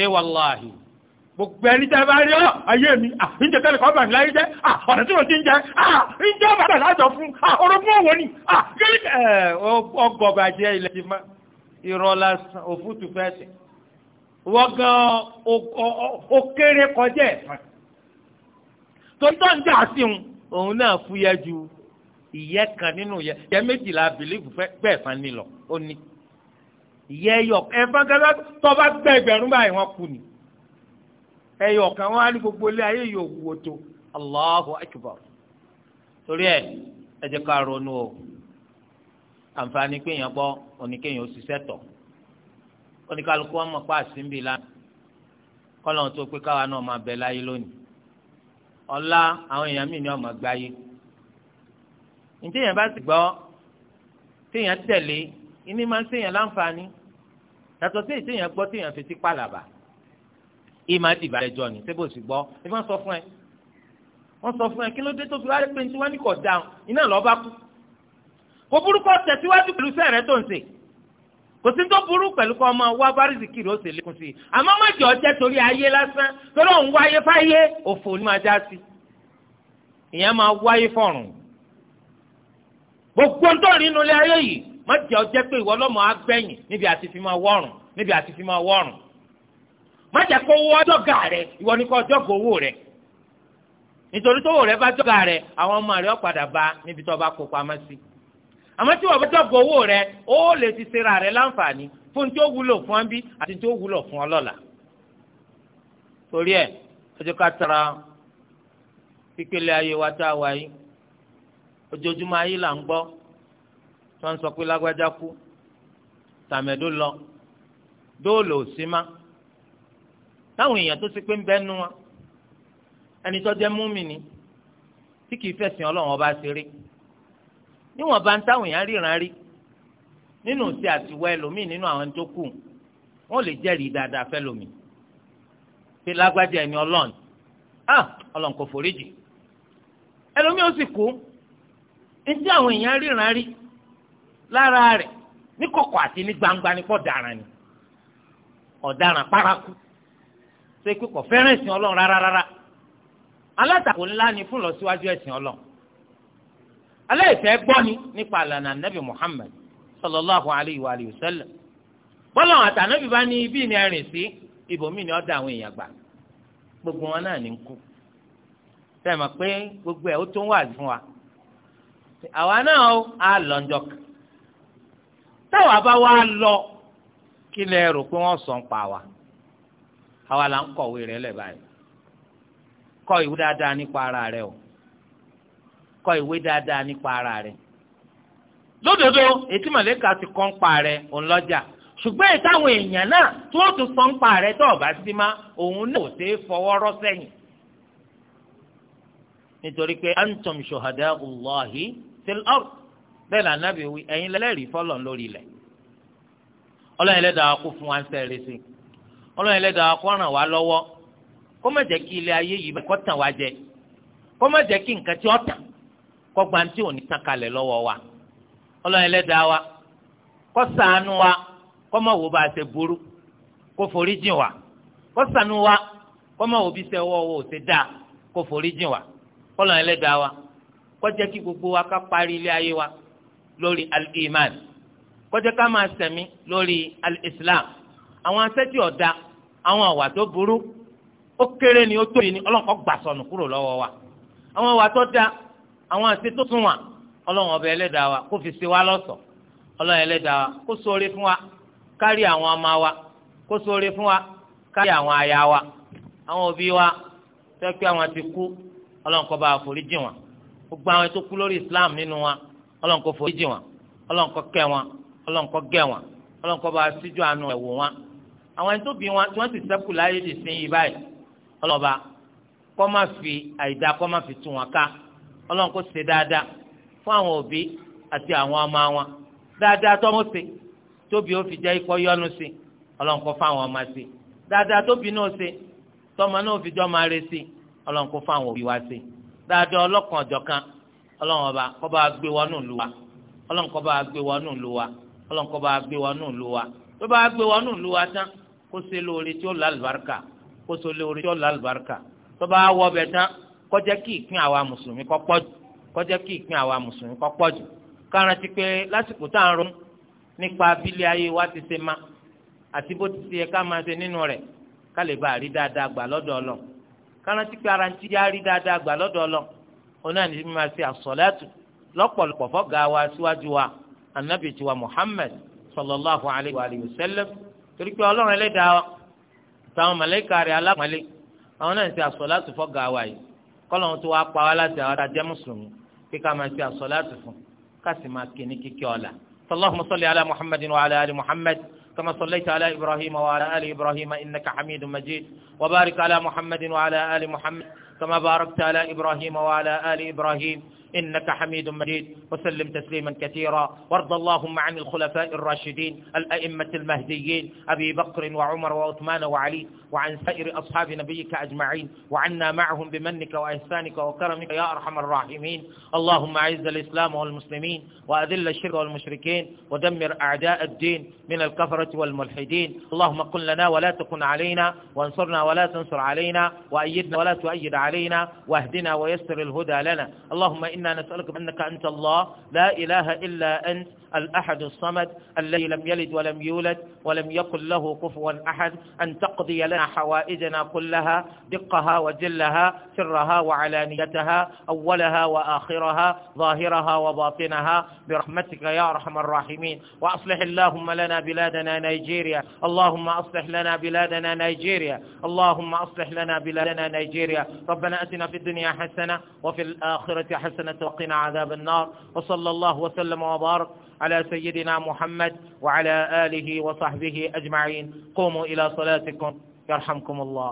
ẹ wàláhì gbogbo ẹni tẹ bá rí ọ ah, ayé mi ǹjẹ́ ah, kẹlẹ kọ bàmí láyé jẹ ah, ọ̀nà tí mo ti ń jẹ ǹjẹ́ bàtà lájọ fún orogún òwò ni kẹlẹ ẹ ọgọbàjẹ ilẹ̀ ti má irọ́ lásán òfútu fẹ́ wọ́n gan ó kéré kọjá ẹ̀fọn tó ń tọ́ ń jà sí òun òun náà fúyẹ́ ju ìyẹ́ kan nínú ìyẹ́ ìyẹ́ méjìlá bìlífù bẹ́ẹ̀ fan ni lọ ó ní ìyẹ́ ẹyọ ẹ̀fọn kẹta tó bá gbẹ ẹgbẹ̀rún báyìí wọ́n kú ni ẹyọ kan wọ́n á ní gbogbo ilé ayé yóò wúwo tó Allahu akbar torí ẹ ẹ jẹ́ ká ronú o àǹfààní kéèyàn gbọ́ oníkéèyàn ó ṣiṣẹ́ tọ̀ oníkálukú wọn mọ̀ pa àṣìǹbì lánàá kọ́lọ́n tó pé káwa náà máa bẹ̀ láyé lónìí ọ̀la àwọn èèyàn míì ni ọmọ gbáyé ǹjẹ́ èèyàn bá sì gbọ́ téèyàn tẹ̀lé iní máa ń téèyàn láǹfààní yàtọ̀ sí èèyàn gbọ́ téèyàn fi ti pàlàbà ìmọ̀ àdìbà ẹjọ́ ni tẹ́bọ̀ sì gbọ́ ẹ máa sọ fún ẹ wọ́n sọ fún ẹ kí ló dé tó fi wá rí pé ní tí wọ́n ní kọ̀ dáhùn iná lọ́ọ́ bá kú kò burúkọ tẹ̀síwájú pẹ̀lú sẹ́ẹ̀rẹ́ tó ń sè é kò sí tó burú pẹ̀lú kọ́ ọmọ wa bárísìkì rẹ̀ ó sì lékún sí i àmọ́ má jọ jẹ́ torí ayé lásán torí òun wáyé fáyé òfò ní máa já sí ìyẹn máa wáyé fọ̀rùn gbogbo ń tọ́rin inú ilé ayé yìí má jọ jẹ́ pé ìwọ lọ́mọ agbẹ̀yìn níbi àti fi máa wọ̀rùn níbi àti fi máa wọ̀rùn má jẹ́ kó wọ́ ọjọ́gà rẹ ìwọ ní kó ọjọ́gà owó rẹ nítorí tówó rẹ bá jọ́gà rẹ àwọn ọmọ rẹ ó àmọ́ tí wọ́n bá dọ̀bọ̀ owó rẹ ó lè ti ṣe ra rẹ láǹfààní fún tí ó wúlò fún ọ́n bí àti tí ó wúlò fún ọ lọ́la. torí ẹ ọjọ́ ká tara pípélé ayé wa tá a wà yìí ojoojúmọ́ ayé là ń gbọ́ tí wọ́n sọ pé lágbájá kú tàmẹ́dó lọ dóòlò òsínmá táwọn èèyàn tó ti pé ń bẹ́nu wọn ẹni tó jẹ́ múmi ni tí kìí fẹ̀sìn ọlọ́run ọba ṣeré. níwọ̀n bá ń táwọn èèyàn ríran rí nínú ti àtiwọ́ ẹlòmíì nínú àwọn tó kù wọ́n lè jẹ́rìí dáadáa fẹ́ lómi pé lágbájá ẹni ọlọ́run ah ọlọ́run kò foríjì ẹlòmíì ó sì kú ntí àwọn èèyàn ríran rí lára rẹ̀ ní kọ̀kọ̀ àti ní gbangba ní pọ̀ ni ọ̀daràn paraku ṣé pé kò fẹ́ràn ẹ̀sìn ọlọ́run rárá rárá alátakò ńlá ni fún lọ síwájú ẹ̀sìn ọlọ́run aláìfẹ́ gbọ́ ni nípa àlànà nàbì Muhammad sallallahu alayhi wa alihi wa sallam bọ́lá àwọn àtànàbì bá ní ibi ní ẹrìn sí ibòmí ni àwọn gbogbo wọn náà ní kú sẹ́mi pé gbogbo ẹ̀ ó tó wà fún wa àwa náà á lọ ńjọ kan táwa bá wá lọ kí rò pé wọ́n ń pa wa àwa là ń kọ̀wé rẹ̀ kọ nípa ara o. kọ ìwé dáadáa nípa ara rẹ. lódodo ètí màlẹ́kà ti kọ́ ń pa rẹ̀ òun ṣùgbọ́n ètò èèyàn náà tí wọ́n tún sọ ń pa rẹ̀ tó ọ̀bá sí ma òun náà ò ṣeé fọwọ́ rọ́ sẹ́yìn nítorí pé antum ṣòhadà Allahi fil ard bẹ́ẹ̀ ni anabi wí ẹ̀yin lẹ́lẹ́rìí fọlọ́ lórí ilẹ̀ ọlọ́yin lẹ́dàá kó fún wa ń sẹ́rẹ̀ sí ọlọ́yin jẹ kó má jẹ́ kí kọ́gbà tí ò ní tán kalẹ̀ lọ́wọ́ wa ọlọ́run ẹlẹ́dàá wa kó ṣàánú wa kó má wò bá a ṣe burú kó forí jìn wa kó ṣàánú wa kó má wò bí ṣe wọ́ wò ṣe dáa kó forí jìn wa ọlọ́run ẹlẹ́dàá wa kó jẹ́ kí gbogbo wa ká parí ilé ayé wa lórí al-iman kó ká máa sẹ̀mí lórí al-islam àwọn asẹ́tì ọ̀dà àwọn àwà tó burú ó kéré ni ó tóbi ni ọlọ́run kó gbà sọnù kúrò lọ́wọ́ wa àwọn àwà tó dáa àwọn àti tó sún wa ọlọ́run ọba ẹlẹ́dàá wa kó fi ṣe wa lọ́ṣọ̀ọ́ ọlọ́run ẹlẹ́dàá wa kó ṣoore fún wa kárí àwọn ọmọ wa kó ṣoore fún wa kárí àwọn aya wa àwọn òbí wa tẹ́ pé àwọn ti kú ọlọ́run kó bá foríjì wọn gbogbo àwọn tó kú lórí Islam nínú wa ọlọ́run kó foríjì wọn ọlọ́run kó kẹ́ wọn ọlọ́run kó gẹ̀ wọn ọlọ́run kó bá síjú àánú ẹ̀ wò wọn àwọn ẹni tó bí wọn tí wọ́n ti ṣẹ́kù láyé dì yìí báyìí ọlọ́ba kó má fi àìdá kó má fi tú wọn ká ọlọ́run kó ṣe dáadáa fún àwọn òbí àti àwọn ọmọ wọn dáadáa tọ́mọ ṣe tóbi ó fi jẹ́ ikọ́ yọnu sí ọlọ́run kó fáwọn ọmọ sí dáadáa tóbi náà ṣe tọ́mọ náà fi jọ́ máa re sí ọlọ́run kó fáwọn òbí wa sí dáadáa ọlọ́kan ọ̀jọ̀kan ọlọ́run ọba kó bá gbé wọnú ìlú wa ọlọ́run kó bá gbé wọnú ìlú wa ọlọ́run kó bá gbé wọnú ìlú wa tó bá gbé wọnú ìlú wa tán kó ṣe lóore tí ó lálùbáríkà kó ṣe lóore tí ó lálùbáríkà tó bá wọ bẹ̀ tán kó jẹ́ kí ìpín àwa mùsùlùmí kó pọ̀ jù kó jẹ́ kí ìpín àwa mùsùlùmí kó pọ̀ jù ká rántí pé lásìkò tá à ń ronú nípa abílẹ̀ ayé wa ti ṣe ma àti bó ti ṣe yẹ ká máa ṣe nínú rẹ̀ ká lè bá àrí dáadáa gbà lọ́dọ̀ Ọlọ́run ká rántí pé ara ń yá rí dáadáa gbà lọ́dọ̀ Ọlọ́run òun náà ní máa ṣe àsọ̀lẹ́tù lọ́pọ̀lọpọ̀ fọ́gà wa síwájú wa anabi tiwa Muhammad sallallahu alayhi wa sallam torí pé Ọlọ́run ẹlẹ́dàá wa táwọn mọ̀lẹ́kà rẹ̀ alápọ̀nlé àwọn náà ń ṣe àsọ̀lẹ́tù fọ́gà wa yìí kọ́lọ́hún tó wá pa wá láti àwọn àjẹ́ mùsùlùmí kí ká máa ṣe àsọ̀láàtì fún ká sì máa kí ní kíkẹ́ ọ̀la. sallahumma salli ala muhammadin wa ala ali muhammad kama sallaita ala ibrahim wa ala ali ibrahim innaka hamidun majid wa barik ala muhammadin wa ala ali muhammad kama barakta ala ibrahim wa ala ali ibrahim إنك حميد مجيد وسلم تسليما كثيرا وارض اللهم عن الخلفاء الراشدين الأئمة المهديين أبي بكر وعمر وعثمان وعلي وعن سائر أصحاب نبيك أجمعين وعنا معهم بمنك وإحسانك وكرمك يا أرحم الراحمين اللهم أعز الإسلام والمسلمين وأذل الشرك والمشركين ودمر أعداء الدين من الكفرة والملحدين اللهم قل لنا ولا تكن علينا وانصرنا ولا تنصر علينا وأيدنا ولا تؤيد علينا واهدنا ويسر الهدى لنا اللهم إنا إنا نسألك بأنك أنت الله لا إله إلا أنت الأحد الصمد الذي لم يلد ولم يولد ولم يكن له كفوا أحد أن تقضي لنا حوائجنا كلها دقها وجلها سرها وعلانيتها أولها وآخرها ظاهرها وباطنها برحمتك يا أرحم الراحمين وأصلح اللهم لنا بلادنا نيجيريا اللهم أصلح لنا بلادنا نيجيريا اللهم أصلح لنا بلادنا نيجيريا ربنا أتنا في الدنيا حسنة وفي الآخرة حسنة وقنا عذاب النار وصلى الله وسلم وبارك على سيدنا محمد وعلى آله وصحبه أجمعين قوموا إلى صلاتكم يرحمكم الله